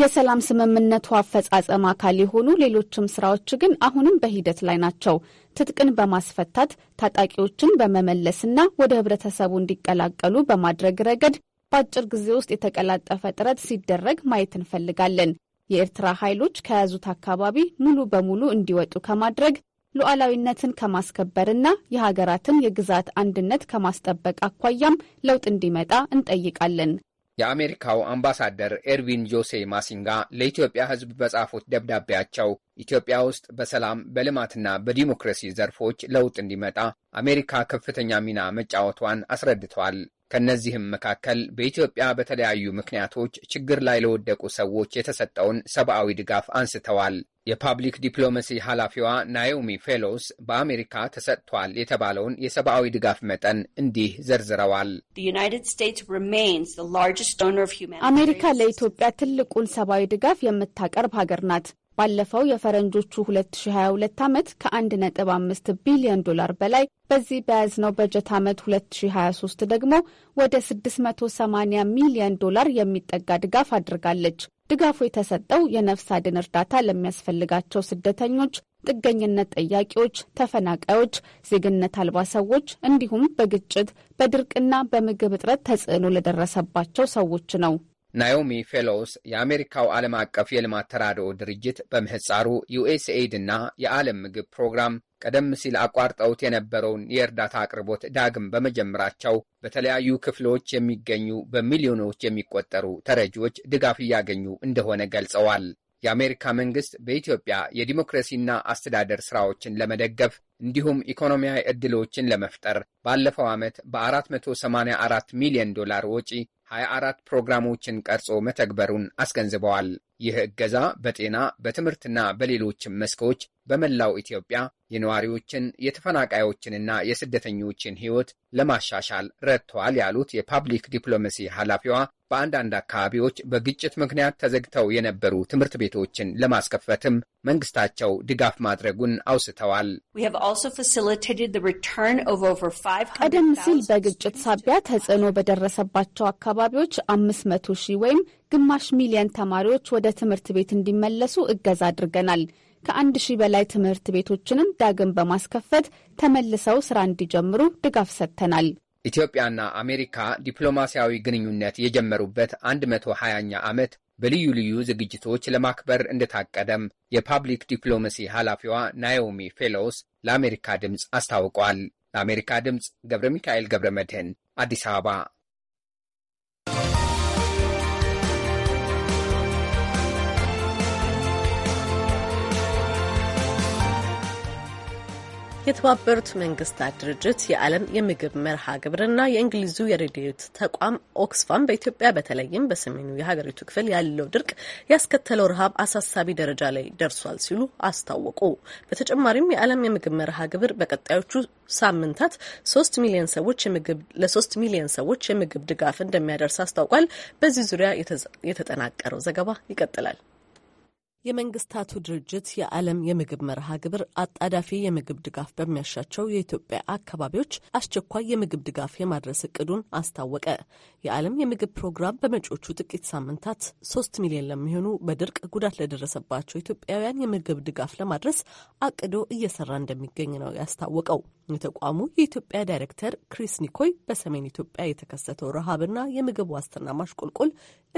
የሰላም ስምምነቱ አፈጻጸም አካል የሆኑ ሌሎችም ስራዎች ግን አሁንም በሂደት ላይ ናቸው። ትጥቅን በማስፈታት ታጣቂዎችን በመመለስና ወደ ህብረተሰቡ እንዲቀላቀሉ በማድረግ ረገድ በአጭር ጊዜ ውስጥ የተቀላጠፈ ጥረት ሲደረግ ማየት እንፈልጋለን። የኤርትራ ኃይሎች ከያዙት አካባቢ ሙሉ በሙሉ እንዲወጡ ከማድረግ ሉዓላዊነትን ከማስከበርና የሀገራትን የግዛት አንድነት ከማስጠበቅ አኳያም ለውጥ እንዲመጣ እንጠይቃለን። የአሜሪካው አምባሳደር ኤርዊን ጆሴ ማሲንጋ ለኢትዮጵያ ሕዝብ በጻፉት ደብዳቤያቸው ኢትዮጵያ ውስጥ በሰላም በልማትና በዲሞክራሲ ዘርፎች ለውጥ እንዲመጣ አሜሪካ ከፍተኛ ሚና መጫወቷን አስረድተዋል። ከእነዚህም መካከል በኢትዮጵያ በተለያዩ ምክንያቶች ችግር ላይ ለወደቁ ሰዎች የተሰጠውን ሰብአዊ ድጋፍ አንስተዋል። የፓብሊክ ዲፕሎማሲ ኃላፊዋ ናዮሚ ፌሎስ በአሜሪካ ተሰጥቷል የተባለውን የሰብአዊ ድጋፍ መጠን እንዲህ ዘርዝረዋል። አሜሪካ ለኢትዮጵያ ትልቁን ሰብአዊ ድጋፍ የምታቀርብ ሀገር ናት። ባለፈው የፈረንጆቹ 2022 ዓመት ከ1.5 ቢሊዮን ዶላር በላይ በዚህ በያዝነው በጀት ዓመት 2023 ደግሞ ወደ 680 ሚሊዮን ዶላር የሚጠጋ ድጋፍ አድርጋለች። ድጋፉ የተሰጠው የነፍስ አድን እርዳታ ለሚያስፈልጋቸው ስደተኞች፣ ጥገኝነት ጠያቂዎች፣ ተፈናቃዮች፣ ዜግነት አልባ ሰዎች እንዲሁም በግጭት በድርቅና በምግብ እጥረት ተጽዕኖ ለደረሰባቸው ሰዎች ነው። ናዮሚ ፌሎስ የአሜሪካው ዓለም አቀፍ የልማት ተራድኦ ድርጅት በምህፃሩ ዩኤስኤድ እና የዓለም ምግብ ፕሮግራም ቀደም ሲል አቋርጠውት የነበረውን የእርዳታ አቅርቦት ዳግም በመጀመራቸው በተለያዩ ክፍሎች የሚገኙ በሚሊዮኖች የሚቆጠሩ ተረጂዎች ድጋፍ እያገኙ እንደሆነ ገልጸዋል። የአሜሪካ መንግሥት በኢትዮጵያ የዲሞክራሲና አስተዳደር ሥራዎችን ለመደገፍ እንዲሁም ኢኮኖሚያዊ ዕድሎችን ለመፍጠር ባለፈው ዓመት በ484 ሚሊዮን ዶላር ወጪ 24 ፕሮግራሞችን ቀርጾ መተግበሩን አስገንዝበዋል። ይህ እገዛ በጤና በትምህርትና በሌሎችም መስኮች በመላው ኢትዮጵያ የነዋሪዎችን የተፈናቃዮችንና የስደተኞችን ሕይወት ለማሻሻል ረድተዋል ያሉት የፓብሊክ ዲፕሎማሲ ኃላፊዋ በአንዳንድ አካባቢዎች በግጭት ምክንያት ተዘግተው የነበሩ ትምህርት ቤቶችን ለማስከፈትም መንግስታቸው ድጋፍ ማድረጉን አውስተዋል። ቀደም ሲል በግጭት ሳቢያ ተጽዕኖ በደረሰባቸው አካባቢዎች አምስት መቶ ሺህ ወይም ግማሽ ሚሊየን ተማሪዎች ወደ ትምህርት ቤት እንዲመለሱ እገዛ አድርገናል። ከአንድ ሺህ በላይ ትምህርት ቤቶችንም ዳግም በማስከፈት ተመልሰው ስራ እንዲጀምሩ ድጋፍ ሰጥተናል። ኢትዮጵያና አሜሪካ ዲፕሎማሲያዊ ግንኙነት የጀመሩበት 120ኛ ዓመት በልዩ ልዩ ዝግጅቶች ለማክበር እንደታቀደም የፓብሊክ ዲፕሎማሲ ኃላፊዋ ናዮሚ ፌሎስ ለአሜሪካ ድምፅ አስታውቋል። ለአሜሪካ ድምፅ ገብረ ሚካኤል ገብረ መድህን አዲስ አበባ የተባበሩት መንግስታት ድርጅት የዓለም የምግብ መርሃ ግብርና የእንግሊዙ የረድኤት ተቋም ኦክስፋም በኢትዮጵያ በተለይም በሰሜኑ የሀገሪቱ ክፍል ያለው ድርቅ ያስከተለው ረሃብ አሳሳቢ ደረጃ ላይ ደርሷል ሲሉ አስታወቁ። በተጨማሪም የዓለም የምግብ መርሃ ግብር በቀጣዮቹ ሳምንታት ሶስት ሚሊዮን ሰዎች የምግብ ለሶስት ሚሊዮን ሰዎች የምግብ ድጋፍ እንደሚያደርስ አስታውቋል። በዚህ ዙሪያ የተጠናቀረው ዘገባ ይቀጥላል። የመንግስታቱ ድርጅት የዓለም የምግብ መርሃ ግብር አጣዳፊ የምግብ ድጋፍ በሚያሻቸው የኢትዮጵያ አካባቢዎች አስቸኳይ የምግብ ድጋፍ የማድረስ እቅዱን አስታወቀ። የዓለም የምግብ ፕሮግራም በመጪዎቹ ጥቂት ሳምንታት ሶስት ሚሊዮን ለሚሆኑ በድርቅ ጉዳት ለደረሰባቸው ኢትዮጵያውያን የምግብ ድጋፍ ለማድረስ አቅዶ እየሰራ እንደሚገኝ ነው ያስታወቀው። የተቋሙ የኢትዮጵያ ዳይሬክተር ክሪስ ኒኮይ በሰሜን ኢትዮጵያ የተከሰተው ረሃብና የምግብ ዋስትና ማሽቆልቆል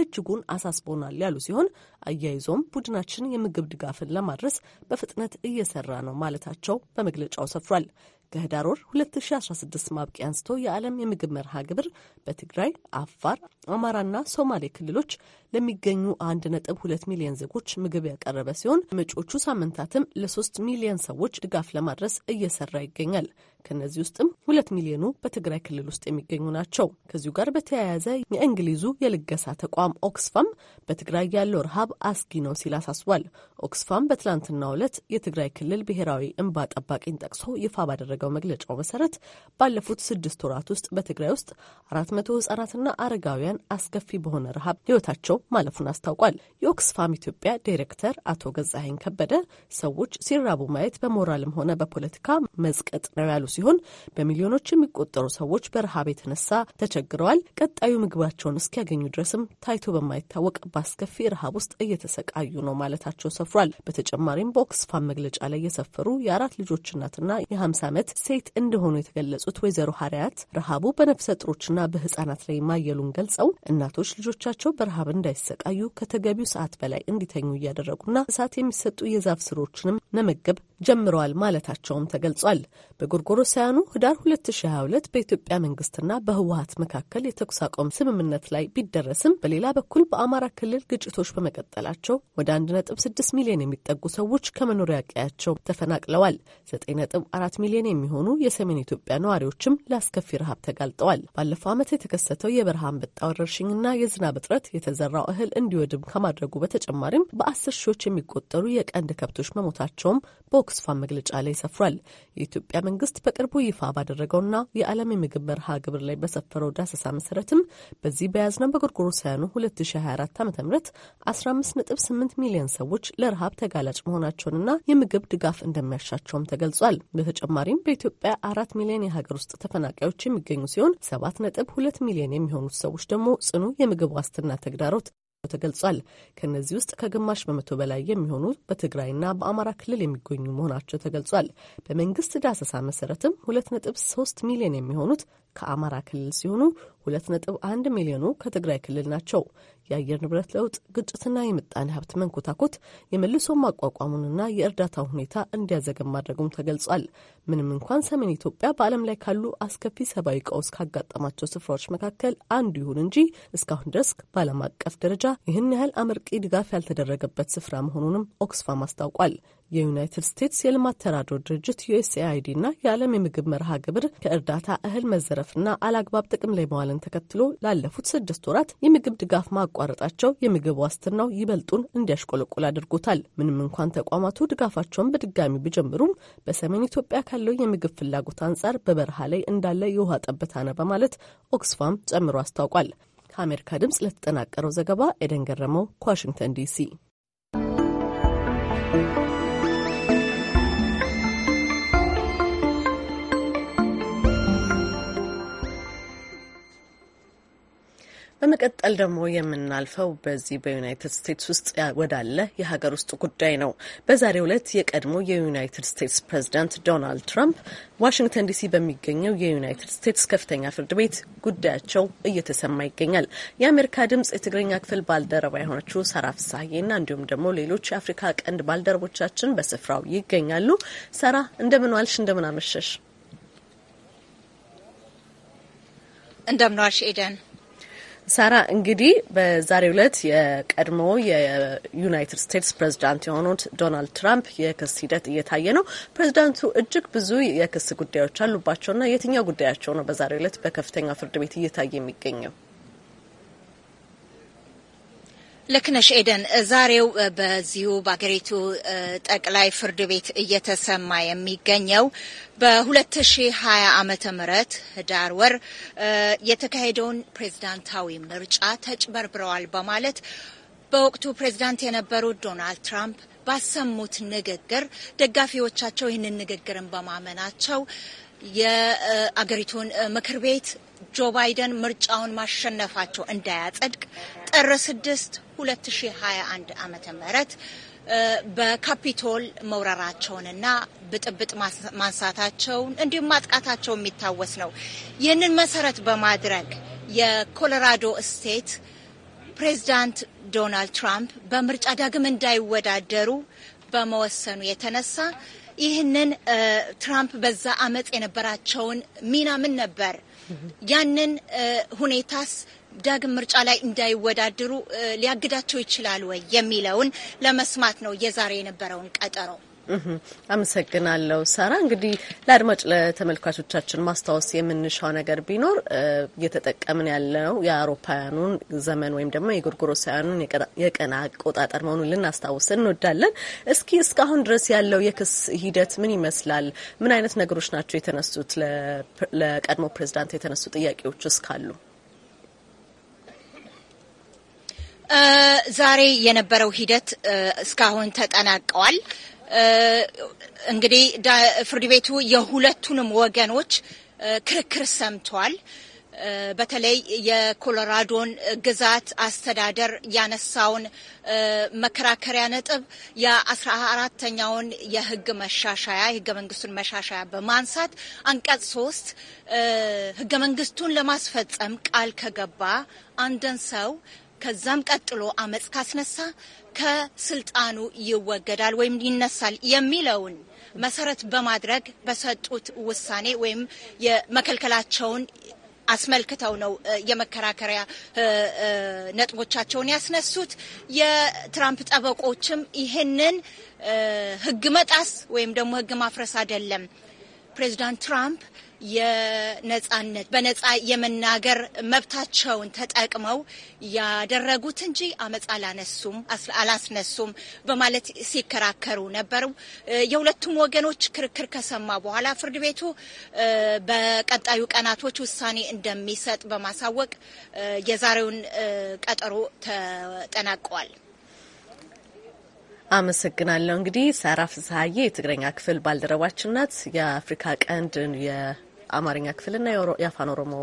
እጅጉን አሳስቦናል ያሉ ሲሆን አያይዞም ቡድናችን የምግብ ድጋፍን ለማድረስ በፍጥነት እየሰራ ነው ማለታቸው በመግለጫው ሰፍሯል። ከህዳር ወር 2016 ማብቂያ አንስቶ የዓለም የምግብ መርሃ ግብር በትግራይ፣ አፋር፣ አማራና ሶማሌ ክልሎች ለሚገኙ 1.2 ሚሊዮን ዜጎች ምግብ ያቀረበ ሲሆን መጪዎቹ ሳምንታትም ለ3 ሚሊዮን ሰዎች ድጋፍ ለማድረስ እየሰራ ይገኛል። ከእነዚህ ውስጥም ሁለት ሚሊዮኑ በትግራይ ክልል ውስጥ የሚገኙ ናቸው። ከዚሁ ጋር በተያያዘ የእንግሊዙ የልገሳ ተቋም ኦክስፋም በትግራይ ያለው ረሃብ አስጊ ነው ሲል አሳስቧል። ኦክስፋም በትላንትናው ዕለት የትግራይ ክልል ብሔራዊ እንባ ጠባቂን ጠቅሶ ይፋ ባደረገ ባደረገው መግለጫው መሰረት ባለፉት ስድስት ወራት ውስጥ በትግራይ ውስጥ አራት መቶ ህጻናትና አረጋውያን አስከፊ በሆነ ረሃብ ህይወታቸው ማለፉን አስታውቋል። የኦክስፋም ኢትዮጵያ ዳይሬክተር አቶ ገዛኸኝ ከበደ ሰዎች ሲራቡ ማየት በሞራልም ሆነ በፖለቲካ መዝቀጥ ነው ያሉ ሲሆን በሚሊዮኖች የሚቆጠሩ ሰዎች በረሃብ የተነሳ ተቸግረዋል። ቀጣዩ ምግባቸውን እስኪያገኙ ድረስም ታይቶ በማይታወቅ በአስከፊ ረሃብ ውስጥ እየተሰቃዩ ነው ማለታቸው ሰፍሯል። በተጨማሪም በኦክስፋም መግለጫ ላይ የሰፈሩ የአራት ልጆች እናትና የ5 ዓመት አባላት ሴት እንደሆኑ የተገለጹት ወይዘሮ ሀሪያት ረሃቡ በነፍሰ ጥሮችና በህጻናት ላይ ማየሉን ገልጸው እናቶች ልጆቻቸው በረሃብ እንዳይሰቃዩ ከተገቢው ሰዓት በላይ እንዲተኙ እያደረጉና እሳት የሚሰጡ የዛፍ ስሮችንም መመገብ ጀምረዋል ማለታቸውም ተገልጿል። በጎርጎሮሳውያኑ ህዳር 2022 በኢትዮጵያ መንግስትና በህወሀት መካከል የተኩስ አቆም ስምምነት ላይ ቢደረስም በሌላ በኩል በአማራ ክልል ግጭቶች በመቀጠላቸው ወደ 1.6 ሚሊዮን የሚጠጉ ሰዎች ከመኖሪያ ቀያቸው ተፈናቅለዋል። 9.4 ሚሊዮን የሚሆኑ የሰሜን ኢትዮጵያ ነዋሪዎችም ለአስከፊ ረሃብ ተጋልጠዋል። ባለፈው ዓመት የተከሰተው የበረሃ አንበጣ ወረርሽኝና የዝናብ እጥረት የተዘራው እህል እንዲወድም ከማድረጉ በተጨማሪም በአስር ሺዎች የሚቆጠሩ የቀንድ ከብቶች መሞታቸውም በ የኦክስፋም መግለጫ ላይ ሰፍሯል። የኢትዮጵያ መንግስት በቅርቡ ይፋ ባደረገውና የዓለም የምግብ መርሃ ግብር ላይ በሰፈረው ዳሰሳ መሰረትም በዚህ በያዝነው በጎርጎሮሳውያኑ 2024 ዓ.ም 15.8 ሚሊዮን ሰዎች ለረሃብ ተጋላጭ መሆናቸውንና የምግብ ድጋፍ እንደሚያሻቸውም ተገልጿል። በተጨማሪም በኢትዮጵያ አራት ሚሊዮን የሀገር ውስጥ ተፈናቃዮች የሚገኙ ሲሆን 7.2 ሚሊዮን የሚሆኑት ሰዎች ደግሞ ጽኑ የምግብ ዋስትና ተግዳሮት ተገልጿል። ከእነዚህ ውስጥ ከግማሽ በመቶ በላይ የሚሆኑ በትግራይና በአማራ ክልል የሚገኙ መሆናቸው ተገልጿል። በመንግስት ዳሰሳ መሰረትም ሁለት ነጥብ ሶስት ሚሊዮን የሚሆኑት ከአማራ ክልል ሲሆኑ 2.1 ሚሊዮኑ ከትግራይ ክልል ናቸው። የአየር ንብረት ለውጥ፣ ግጭትና የምጣኔ ሀብት መንኮታኮት የመልሶ ማቋቋሙንና የእርዳታ ሁኔታ እንዲያዘገም ማድረጉም ተገልጿል። ምንም እንኳን ሰሜን ኢትዮጵያ በዓለም ላይ ካሉ አስከፊ ሰብአዊ ቀውስ ካጋጠማቸው ስፍራዎች መካከል አንዱ ይሁን እንጂ እስካሁን ድረስ በዓለም አቀፍ ደረጃ ይህን ያህል አመርቂ ድጋፍ ያልተደረገበት ስፍራ መሆኑንም ኦክስፋም አስታውቋል። የዩናይትድ ስቴትስ የልማት ተራድኦ ድርጅት ዩኤስኤአይዲ እና የዓለም የምግብ መርሃ ግብር ከእርዳታ እህል መዘረፍና አላግባብ ጥቅም ላይ መዋልን ተከትሎ ላለፉት ስድስት ወራት የምግብ ድጋፍ ማቋረጣቸው የምግብ ዋስትናው ይበልጡን እንዲያሽቆለቁል አድርጎታል። ምንም እንኳን ተቋማቱ ድጋፋቸውን በድጋሚ ቢጀምሩም በሰሜን ኢትዮጵያ ካለው የምግብ ፍላጎት አንጻር በበረሃ ላይ እንዳለ የውሃ ጠብታ ነው በማለት ኦክስፋም ጨምሮ አስታውቋል። ከአሜሪካ ድምጽ ለተጠናቀረው ዘገባ ኤደን ገረመው ከዋሽንግተን ዲሲ። በመቀጠል ደግሞ የምናልፈው በዚህ በዩናይትድ ስቴትስ ውስጥ ወዳለ የሀገር ውስጥ ጉዳይ ነው። በዛሬው ዕለት የቀድሞ የዩናይትድ ስቴትስ ፕሬዚዳንት ዶናልድ ትራምፕ ዋሽንግተን ዲሲ በሚገኘው የዩናይትድ ስቴትስ ከፍተኛ ፍርድ ቤት ጉዳያቸው እየተሰማ ይገኛል። የአሜሪካ ድምጽ የትግርኛ ክፍል ባልደረባ የሆነችው ሰራ ፍሳሀዬና እንዲሁም ደግሞ ሌሎች የአፍሪካ ቀንድ ባልደረቦቻችን በስፍራው ይገኛሉ። ሰራ እንደምን ዋልሽ? እንደምን አመሸሽ? እንደምን ዋልሽ ኤደን? ሳራ እንግዲህ በዛሬው ዕለት የቀድሞ የዩናይትድ ስቴትስ ፕሬዚዳንት የሆኑት ዶናልድ ትራምፕ የክስ ሂደት እየታየ ነው። ፕሬዚዳንቱ እጅግ ብዙ የክስ ጉዳዮች አሉባቸውና የትኛው ጉዳያቸው ነው በዛሬው ዕለት በከፍተኛ ፍርድ ቤት እየታየ የሚገኘው? ልክ ነሽ ኤደን። ዛሬው በዚሁ በአገሪቱ ጠቅላይ ፍርድ ቤት እየተሰማ የሚገኘው በ2020 ዓመተ ምህረት ህዳር ወር የተካሄደውን ፕሬዝዳንታዊ ምርጫ ተጭበርብረዋል በማለት በወቅቱ ፕሬዝዳንት የነበሩት ዶናልድ ትራምፕ ባሰሙት ንግግር ደጋፊዎቻቸው ይህንን ንግግርን በማመናቸው የአገሪቱን ምክር ቤት ጆ ባይደን ምርጫውን ማሸነፋቸው እንዳያጸድቅ ጥር 6 2021 ዓ ም በካፒቶል መውረራቸውንና ብጥብጥ ማንሳታቸውን እንዲሁም ማጥቃታቸው የሚታወስ ነው። ይህንን መሰረት በማድረግ የኮሎራዶ ስቴት ፕሬዚዳንት ዶናልድ ትራምፕ በምርጫ ዳግም እንዳይወዳደሩ በመወሰኑ የተነሳ ይህንን ትራምፕ በዛ አመፅ የነበራቸውን ሚና ምን ነበር ያንን ሁኔታስ ዳግም ምርጫ ላይ እንዳይወዳደሩ ሊያግዳቸው ይችላል ወይ የሚለውን ለመስማት ነው የዛሬ የነበረውን ቀጠሮ። አመሰግናለሁ ሳራ። እንግዲህ ለአድማጭ ለተመልካቾቻችን ማስታወስ የምንሻው ነገር ቢኖር እየተጠቀምን ያለው የአውሮፓውያኑን ዘመን ወይም ደግሞ የጎርጎሮሳውያኑን የቀን አቆጣጠር መሆኑን ልናስታውስ እንወዳለን። እስኪ እስካሁን ድረስ ያለው የክስ ሂደት ምን ይመስላል? ምን አይነት ነገሮች ናቸው የተነሱት? ለቀድሞ ፕሬዚዳንት የተነሱ ጥያቄዎች እስካሉ ዛሬ የነበረው ሂደት እስካሁን ተጠናቀዋል። እንግዲህ ፍርድ ቤቱ የሁለቱንም ወገኖች ክርክር ሰምቷል። በተለይ የኮሎራዶን ግዛት አስተዳደር ያነሳውን መከራከሪያ ነጥብ የአስራ አራተኛውን የህግ መሻሻያ የህገ መንግስቱን መሻሻያ በማንሳት አንቀጽ ሶስት ህገ መንግስቱን ለማስፈጸም ቃል ከገባ አንድን ሰው ከዛም ቀጥሎ አመፅ ካስነሳ ከስልጣኑ ይወገዳል ወይም ይነሳል የሚለውን መሰረት በማድረግ በሰጡት ውሳኔ ወይም የመከልከላቸውን አስመልክተው ነው የመከራከሪያ ነጥቦቻቸውን ያስነሱት። የትራምፕ ጠበቆችም ይህንን ህግ መጣስ ወይም ደግሞ ህግ ማፍረስ አይደለም ፕሬዚዳንት ትራምፕ የነጻነት በነጻ የመናገር መብታቸውን ተጠቅመው ያደረጉት እንጂ አመፅ አላነሱም አላስነሱም በማለት ሲከራከሩ ነበሩ። የሁለቱም ወገኖች ክርክር ከሰማ በኋላ ፍርድ ቤቱ በቀጣዩ ቀናቶች ውሳኔ እንደሚሰጥ በማሳወቅ የዛሬውን ቀጠሮ ተጠናቋል። አመሰግናለሁ። እንግዲህ ሰራ ፍስሀዬ የትግረኛ ክፍል ባልደረባችን ናት። የአፍሪካ ቀንድ የአማርኛ ክፍልና የአፋን ኦሮሞ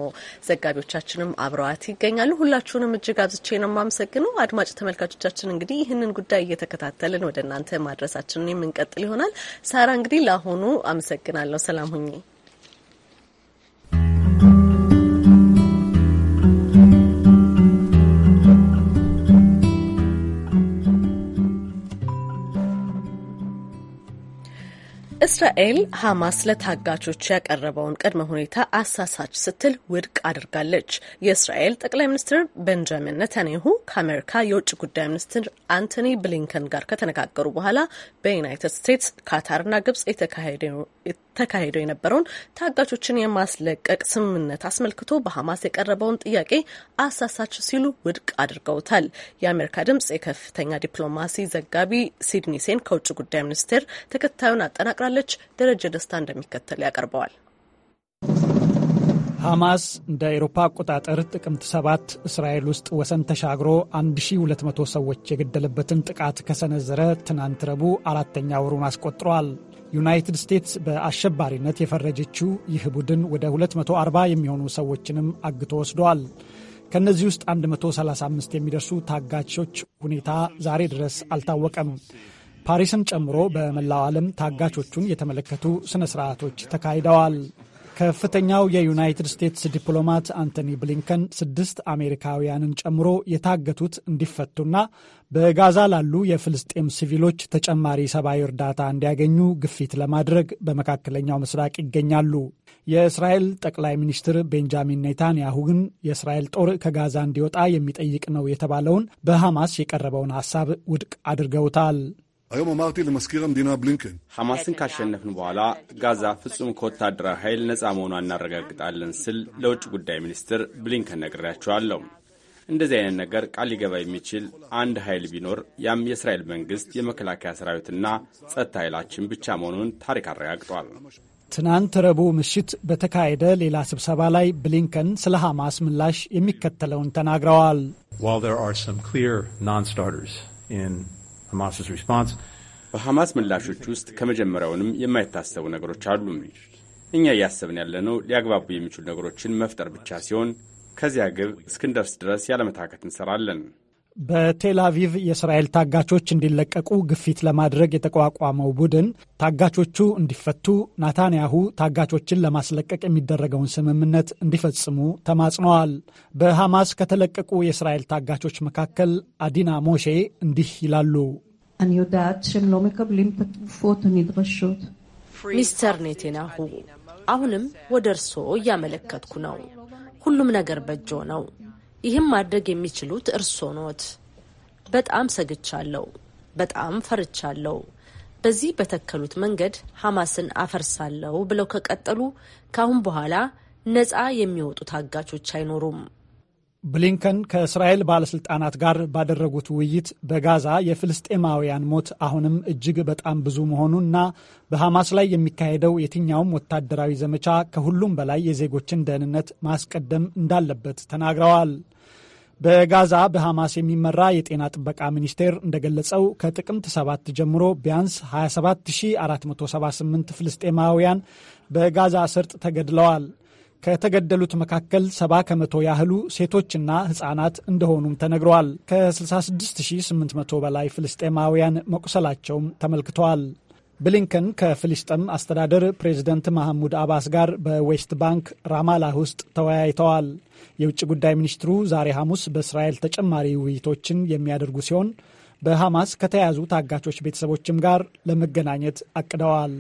ዘጋቢዎቻችንም አብረዋት ይገኛሉ። ሁላችሁንም እጅግ አብዝቼ ነው የማመሰግነው። አድማጭ ተመልካቾቻችን እንግዲህ ይህንን ጉዳይ እየተከታተልን ወደ እናንተ ማድረሳችንን የምንቀጥል ይሆናል። ሳራ እንግዲህ ለአሁኑ አመሰግናለሁ። ሰላም ሁኜ እስራኤል ሐማስ ለታጋቾች ያቀረበውን ቅድመ ሁኔታ አሳሳች ስትል ውድቅ አድርጋለች። የእስራኤል ጠቅላይ ሚኒስትር ቤንጃሚን ነታንያሁ ከአሜሪካ የውጭ ጉዳይ ሚኒስትር አንቶኒ ብሊንከን ጋር ከተነጋገሩ በኋላ በዩናይትድ ስቴትስ ካታርና ግብጽ ተካሂዶ የነበረውን ታጋቾችን የማስለቀቅ ስምምነት አስመልክቶ በሐማስ የቀረበውን ጥያቄ አሳሳች ሲሉ ውድቅ አድርገውታል። የአሜሪካ ድምጽ የከፍተኛ ዲፕሎማሲ ዘጋቢ ሲድኒ ሴን ከውጭ ጉዳይ ሚኒስቴር ተከታዩን አጠናቅራለች። ደረጀ ደስታ እንደሚከተል ያቀርበዋል። ሐማስ እንደ አውሮፓ አቆጣጠር ጥቅምት 7 እስራኤል ውስጥ ወሰን ተሻግሮ 1200 ሰዎች የገደለበትን ጥቃት ከሰነዘረ ትናንት ረቡዕ አራተኛ ወሩን አስቆጥሯል። ዩናይትድ ስቴትስ በአሸባሪነት የፈረጀችው ይህ ቡድን ወደ 240 የሚሆኑ ሰዎችንም አግቶ ወስደዋል። ከእነዚህ ውስጥ 135 የሚደርሱ ታጋቾች ሁኔታ ዛሬ ድረስ አልታወቀም። ፓሪስን ጨምሮ በመላው ዓለም ታጋቾቹን የተመለከቱ ስነ ስርዓቶች ተካሂደዋል። ከፍተኛው የዩናይትድ ስቴትስ ዲፕሎማት አንቶኒ ብሊንከን ስድስት አሜሪካውያንን ጨምሮ የታገቱት እንዲፈቱና በጋዛ ላሉ የፍልስጤም ሲቪሎች ተጨማሪ ሰብአዊ እርዳታ እንዲያገኙ ግፊት ለማድረግ በመካከለኛው ምስራቅ ይገኛሉ። የእስራኤል ጠቅላይ ሚኒስትር ቤንጃሚን ኔታንያሁ ግን የእስራኤል ጦር ከጋዛ እንዲወጣ የሚጠይቅ ነው የተባለውን በሐማስ የቀረበውን ሐሳብ ውድቅ አድርገውታል። היום אמרתי למזכיר המדינה בלינקן, ሐማስን ካሸነፍን በኋላ ጋዛ ፍጹም ከወታደራዊ ኃይል ነፃ መሆኗን እናረጋግጣለን ስል ለውጭ ጉዳይ ሚኒስትር ብሊንከን ነግሬያቸዋለሁ። እንደዚህ አይነት ነገር ቃል ሊገባ የሚችል አንድ ኃይል ቢኖር ያም የእስራኤል መንግሥት የመከላከያ ሰራዊትና ጸጥታ ኃይላችን ብቻ መሆኑን ታሪክ አረጋግጧል። ትናንት ረቡዕ ምሽት በተካሄደ ሌላ ስብሰባ ላይ ብሊንከን ስለ ሐማስ ምላሽ የሚከተለውን ተናግረዋል። በሐማስ ምላሾች ውስጥ ከመጀመሪያውንም የማይታሰቡ ነገሮች አሉ። እኛ እያሰብን ያለነው ሊያግባቡ የሚችሉ ነገሮችን መፍጠር ብቻ ሲሆን ከዚያ ግብ እስክንደርስ ድረስ ያለመታከት እንሰራለን። በቴል አቪቭ የእስራኤል ታጋቾች እንዲለቀቁ ግፊት ለማድረግ የተቋቋመው ቡድን ታጋቾቹ እንዲፈቱ ናታንያሁ ታጋቾችን ለማስለቀቅ የሚደረገውን ስምምነት እንዲፈጽሙ ተማጽነዋል። በሐማስ ከተለቀቁ የእስራኤል ታጋቾች መካከል አዲና ሞሼ እንዲህ ይላሉ። אני יודעת שהם לא מקבלים את התרופות הנדרשות. ሚስተር ኔቴናሁ አሁንም ወደ እርስዎ እያመለከትኩ ነው። ሁሉም ነገር በእጆ ነው። ይህም ማድረግ የሚችሉት እርስዎ ኖት። በጣም ሰግቻለሁ። በጣም ፈርቻለሁ። በዚህ በተከሉት መንገድ ሐማስን አፈርሳለሁ ብለው ከቀጠሉ ከአሁን በኋላ ነፃ የሚወጡ ታጋቾች አይኖሩም። ብሊንከን ከእስራኤል ባለሥልጣናት ጋር ባደረጉት ውይይት በጋዛ የፍልስጤማውያን ሞት አሁንም እጅግ በጣም ብዙ መሆኑና በሐማስ ላይ የሚካሄደው የትኛውም ወታደራዊ ዘመቻ ከሁሉም በላይ የዜጎችን ደህንነት ማስቀደም እንዳለበት ተናግረዋል። በጋዛ በሐማስ የሚመራ የጤና ጥበቃ ሚኒስቴር እንደገለጸው ከጥቅምት 7 ጀምሮ ቢያንስ 27478 ፍልስጤማውያን በጋዛ ስርጥ ተገድለዋል። ከተገደሉት መካከል 70 ከመቶ ያህሉ ሴቶችና ሕፃናት እንደሆኑም ተነግረዋል። ከ66800 በላይ ፍልስጤማውያን መቁሰላቸውም ተመልክተዋል። ብሊንከን ከፍልስጤም አስተዳደር ፕሬዚደንት መሐሙድ አባስ ጋር በዌስት ባንክ ራማላ ውስጥ ተወያይተዋል። የውጭ ጉዳይ ሚኒስትሩ ዛሬ ሐሙስ በእስራኤል ተጨማሪ ውይይቶችን የሚያደርጉ ሲሆን በሐማስ ከተያዙ ታጋቾች ቤተሰቦችም ጋር ለመገናኘት አቅደዋል።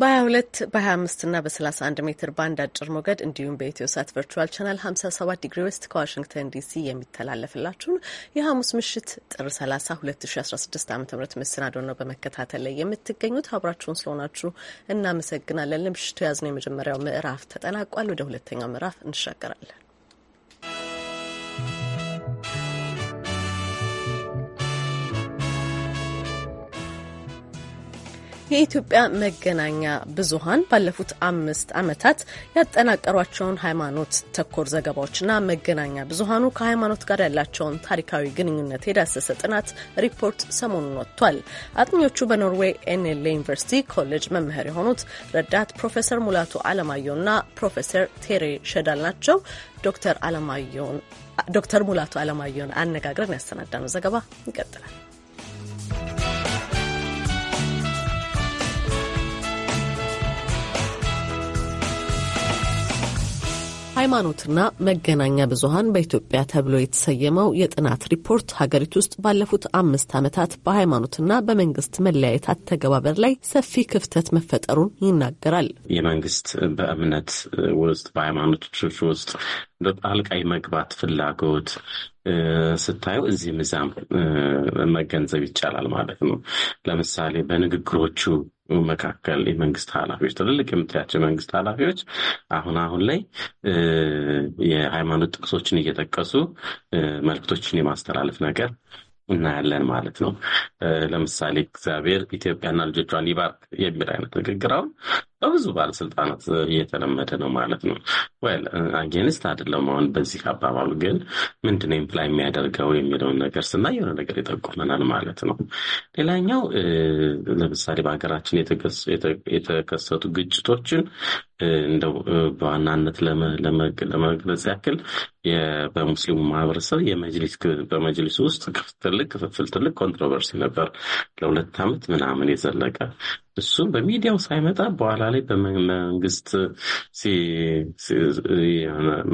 በ22 በ25 እና በ31 ሜትር ባንድ አጭር ሞገድ እንዲሁም በኢትዮ ሳት ቨርቹዋል ቻናል 57 ዲግሪ ዌስት ከዋሽንግተን ዲሲ የሚተላለፍላችሁን የሐሙስ ምሽት ጥር 30 2016 ዓ ም መሰናዶ ነው በመከታተል ላይ የምትገኙት። አብራችሁን ስለሆናችሁ እናመሰግናለን። ለምሽቱ የያዝነው የመጀመሪያው ምዕራፍ ተጠናቋል። ወደ ሁለተኛው ምዕራፍ እንሻገራለን። የኢትዮጵያ መገናኛ ብዙሃን ባለፉት አምስት ዓመታት ያጠናቀሯቸውን ሃይማኖት ተኮር ዘገባዎችና መገናኛ ብዙሃኑ ከሃይማኖት ጋር ያላቸውን ታሪካዊ ግንኙነት የዳሰሰ ጥናት ሪፖርት ሰሞኑን ወጥቷል። አጥኚዎቹ በኖርዌይ ኤንኤል ዩኒቨርሲቲ ኮሌጅ መምህር የሆኑት ረዳት ፕሮፌሰር ሙላቱ አለማየሁና ፕሮፌሰር ቴሬ ሸዳል ናቸው። ዶክተር አለማየሁን ዶክተር ሙላቱ አለማየሁን አነጋግረን ያሰናዳነው ዘገባ ይቀጥላል። ሃይማኖትና መገናኛ ብዙሀን በኢትዮጵያ ተብሎ የተሰየመው የጥናት ሪፖርት ሀገሪቱ ውስጥ ባለፉት አምስት ዓመታት በሃይማኖትና በመንግስት መለያየት አተገባበር ላይ ሰፊ ክፍተት መፈጠሩን ይናገራል። የመንግስት በእምነት ውስጥ በሃይማኖቶች ውስጥ ጣልቃ መግባት ፍላጎት ስታዩ እዚህም እዛም መገንዘብ ይቻላል ማለት ነው። ለምሳሌ በንግግሮቹ መካከል የመንግስት ኃላፊዎች ትልልቅ የምታያቸው የመንግስት ኃላፊዎች አሁን አሁን ላይ የሃይማኖት ጥቅሶችን እየጠቀሱ መልክቶችን የማስተላለፍ ነገር እናያለን ማለት ነው። ለምሳሌ እግዚአብሔር ኢትዮጵያና ልጆቿን ይባርክ የሚል አይነት ንግግር አሁን በብዙ ባለስልጣናት እየተለመደ ነው ማለት ነው። ወል አጌንስት አይደለም። አሁን በዚህ አባባሉ ግን ምንድን ነው ኢምፕላይ የሚያደርገው የሚለውን ነገር ስናይ የሆነ ነገር ይጠቁመናል ማለት ነው። ሌላኛው ለምሳሌ በሀገራችን የተከሰቱ ግጭቶችን እንደው በዋናነት ለመግለጽ ያክል በሙስሊሙ ማህበረሰብ በመጅሊሱ ውስጥ ትልቅ ክፍፍል፣ ትልቅ ኮንትሮቨርሲ ነበር ለሁለት ዓመት ምናምን የዘለቀ እሱም በሚዲያው ሳይመጣ በኋላ ላይ በመንግስት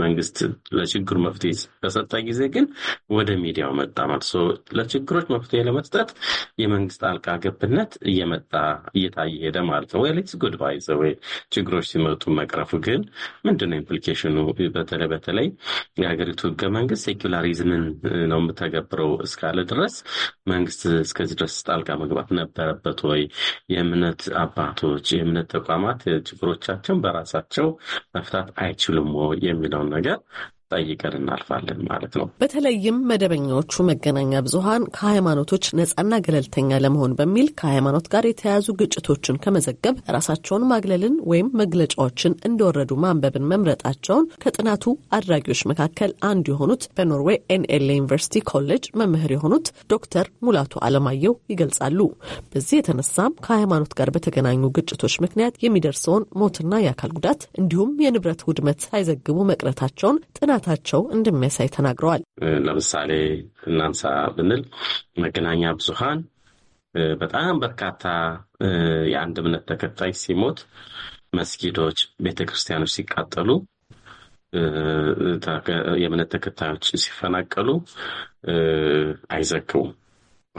መንግስት ለችግሩ መፍትሄ በሰጠ ጊዜ ግን ወደ ሚዲያው መጣ ማለት ሶ ለችግሮች መፍትሄ ለመስጠት የመንግስት አልቃ ገብነት እየመጣ እየታየ ሄደ ማለት ነው። ወይ ጉድ ባይ ዘ ወይ ችግሮች ሲመጡ መቅረፉ ግን ምንድነው ኢምፕሊኬሽኑ? በተለይ በተለይ የሀገሪቱ ህገ መንግስት ሴኩላሪዝምን ነው የምተገብረው እስካለ ድረስ መንግስት እስከዚህ ድረስ ጣልቃ መግባት ነበረበት ወይ የምነ የእምነት አባቶች፣ የእምነት ተቋማት ችግሮቻቸውን በራሳቸው መፍታት አይችሉም የሚለውን ነገር ጠይቀን እናልፋለን ማለት ነው። በተለይም መደበኛዎቹ መገናኛ ብዙሀን ከሃይማኖቶች ነጻና ገለልተኛ ለመሆን በሚል ከሃይማኖት ጋር የተያያዙ ግጭቶችን ከመዘገብ ራሳቸውን ማግለልን ወይም መግለጫዎችን እንደወረዱ ማንበብን መምረጣቸውን ከጥናቱ አድራጊዎች መካከል አንዱ የሆኑት በኖርዌይ ኤንኤል ዩኒቨርሲቲ ኮሌጅ መምህር የሆኑት ዶክተር ሙላቱ አለማየሁ ይገልጻሉ። በዚህ የተነሳም ከሃይማኖት ጋር በተገናኙ ግጭቶች ምክንያት የሚደርሰውን ሞትና የአካል ጉዳት እንዲሁም የንብረት ውድመት ሳይዘግቡ መቅረታቸውን ጥናት መምጣታቸው እንደሚያሳይ ተናግረዋል። ለምሳሌ እናንሳ ብንል መገናኛ ብዙሃን በጣም በርካታ የአንድ እምነት ተከታይ ሲሞት፣ መስጊዶች፣ ቤተክርስቲያኖች ሲቃጠሉ፣ የእምነት ተከታዮች ሲፈናቀሉ አይዘግቡም።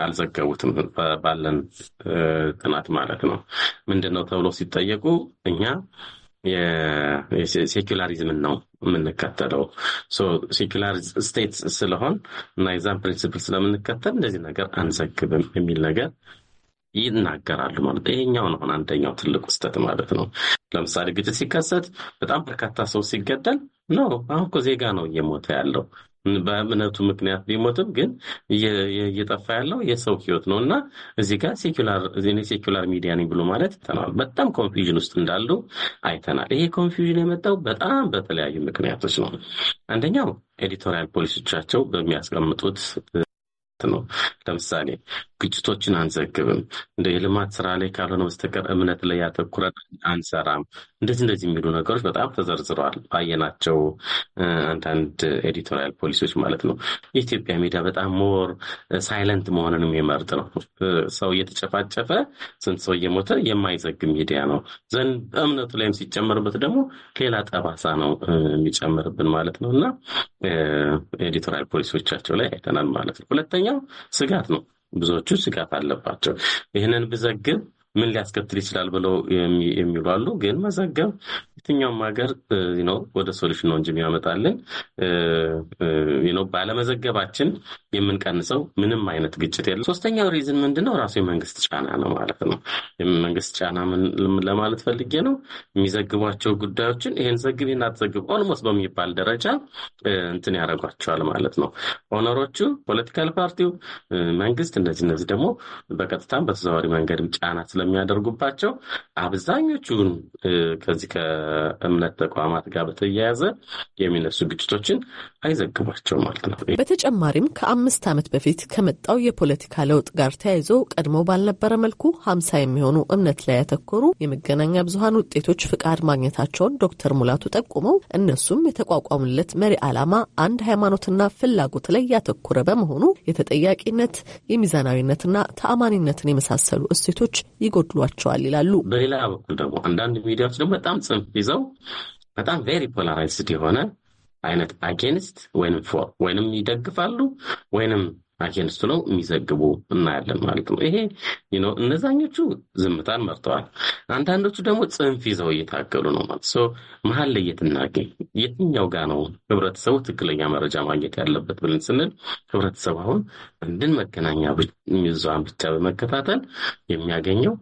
አልዘገቡትም። ባለን ጥናት ማለት ነው። ምንድን ነው ተብሎ ሲጠየቁ እኛ የሴኩላሪዝምን ነው የምንከተለው። ሴኩላር ስቴት ስለሆን እና የዛን ፕሪንስፕል ስለምንከተል እንደዚህ ነገር አንዘግብም የሚል ነገር ይናገራሉ ማለት ይሄኛው ነው አንደኛው ትልቅ ውስጠት ማለት ነው። ለምሳሌ ግጭት ሲከሰት በጣም በርካታ ሰው ሲገደል ነው አሁን እኮ ዜጋ ነው እየሞተ ያለው በእምነቱ ምክንያት ቢሞትም ግን እየጠፋ ያለው የሰው ህይወት ነው እና እዚህ ጋር ሴኩላር ሚዲያ ነኝ ብሎ ማለት ይተናል። በጣም ኮንፊውዥን ውስጥ እንዳሉ አይተናል። ይሄ ኮንፊውዥን የመጣው በጣም በተለያዩ ምክንያቶች ነው። አንደኛው ኤዲቶሪያል ፖሊሲዎቻቸው በሚያስቀምጡት ነው። ለምሳሌ ግጭቶችን አንዘግብም፣ እንደ የልማት ስራ ላይ ካልሆነ በስተቀር እምነት ላይ ያተኩረን አንሰራም፣ እንደዚህ እንደዚህ የሚሉ ነገሮች በጣም ተዘርዝረዋል። ባየናቸው አንዳንድ ኤዲቶሪያል ፖሊሲዎች ማለት ነው። የኢትዮጵያ ሚዲያ በጣም ሞር ሳይለንት መሆንን የሚመርጥ ነው። ሰው እየተጨፋጨፈ ስንት ሰው እየሞተ የማይዘግብ ሚዲያ ነው። ዘንድ እምነቱ ላይም ሲጨመርበት ደግሞ ሌላ ጠባሳ ነው የሚጨምርብን ማለት ነው እና ኤዲቶሪያል ፖሊሲዎቻቸው ላይ አይተናል ማለት ነው። ሁለተኛው ስጋት ነው። ብዙዎቹ ስጋት አለባቸው። ይህንን ብዘግብ ምን ሊያስከትል ይችላል ብለው የሚሉ አሉ። ግን መዘገብ የትኛውም ሀገር ነው ወደ ሶሉሽን ነው እንጂ የሚያመጣልን ነው። ባለመዘገባችን የምንቀንሰው ምንም አይነት ግጭት የለም። ሶስተኛው ሪዝን ምንድነው? ራሱ የመንግስት ጫና ነው ማለት ነው። መንግስት ጫና ለማለት ፈልጌ ነው። የሚዘግቧቸው ጉዳዮችን ይህን ዘግብ ይህን አትዘግብ ኦልሞስት በሚባል ደረጃ እንትን ያደርጓቸዋል ማለት ነው። ኦነሮቹ፣ ፖለቲካል ፓርቲው፣ መንግስት እነዚህ እነዚህ ደግሞ በቀጥታም በተዘዋዋሪ መንገድ ጫና ስለሚያደርጉባቸው አብዛኞቹን ከዚህ ከእምነት ተቋማት ጋር በተያያዘ የሚነሱ ግጭቶችን አይዘግቧቸው ማለት ነው። በተጨማሪም ከአምስት ዓመት በፊት ከመጣው የፖለቲካ ለውጥ ጋር ተያይዞ ቀድሞ ባልነበረ መልኩ ሀምሳ የሚሆኑ እምነት ላይ ያተኮሩ የመገናኛ ብዙሀን ውጤቶች ፍቃድ ማግኘታቸውን ዶክተር ሙላቱ ጠቁመው እነሱም የተቋቋሙለት መሪ ዓላማ አንድ ሃይማኖትና ፍላጎት ላይ ያተኮረ በመሆኑ የተጠያቂነት የሚዛናዊነትና ተአማኒነትን የመሳሰሉ እሴቶች ይጎድሏቸዋል ይላሉ። በሌላ በኩል ደግሞ አንዳንድ ሚዲያዎች ደግሞ በጣም ጽንፍ ይዘው በጣም ቬሪ ፖላራይዝድ የሆነ አይነት አጌንስት ወይንም ፎር ወይንም ይደግፋሉ ወይንም አጌንስቱ ነው የሚዘግቡ እናያለን ማለት ነው። ይሄ እነዛኞቹ ዝምታን መርጠዋል። አንዳንዶቹ ደግሞ ጽንፍ ይዘው እየታገሉ ነው ማለት መሀል ላይ የትናገኝ የትኛው ጋ ነው ህብረተሰቡ ትክክለኛ መረጃ ማግኘት ያለበት ብለን ስንል ህብረተሰቡ አሁን እንድን መገናኛ ብዙሃን ብቻ በመከታተል የሚያገኘው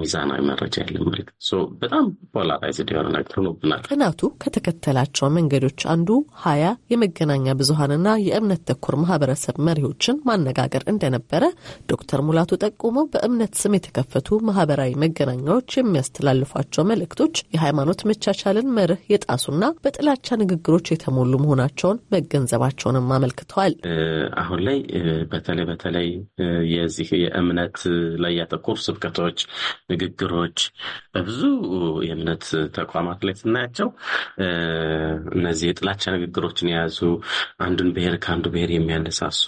ሚዛናዊ መረጃ ያለ ማለት ነው። በጣም ፖላራይዝድ የሆነ ነገር ሆኖብናል። ጥናቱ ከተከተላቸው መንገዶች አንዱ ሀያ የመገናኛ ብዙሀንና የእምነት ተኮር ማህበረሰብ መሪዎችን ማነጋገር እንደነበረ ዶክተር ሙላቱ ጠቁመው በእምነት ስም የተከፈቱ ማህበራዊ መገናኛዎች የሚያስተላልፏቸው መልእክቶች የሃይማኖት መቻቻልን መርህ የጣሱና በጥላቻ ንግግሮች የተሞሉ መሆናቸውን መገንዘባቸውንም አመልክተዋል። አሁን ላይ በተለይ በተለይ የዚህ የእምነት ላይ ያተኮሩ ስብከቶች ንግግሮች በብዙ የእምነት ተቋማት ላይ ስናያቸው እነዚህ የጥላቻ ንግግሮችን የያዙ አንዱን ብሔር ከአንዱ ብሔር የሚያነሳሱ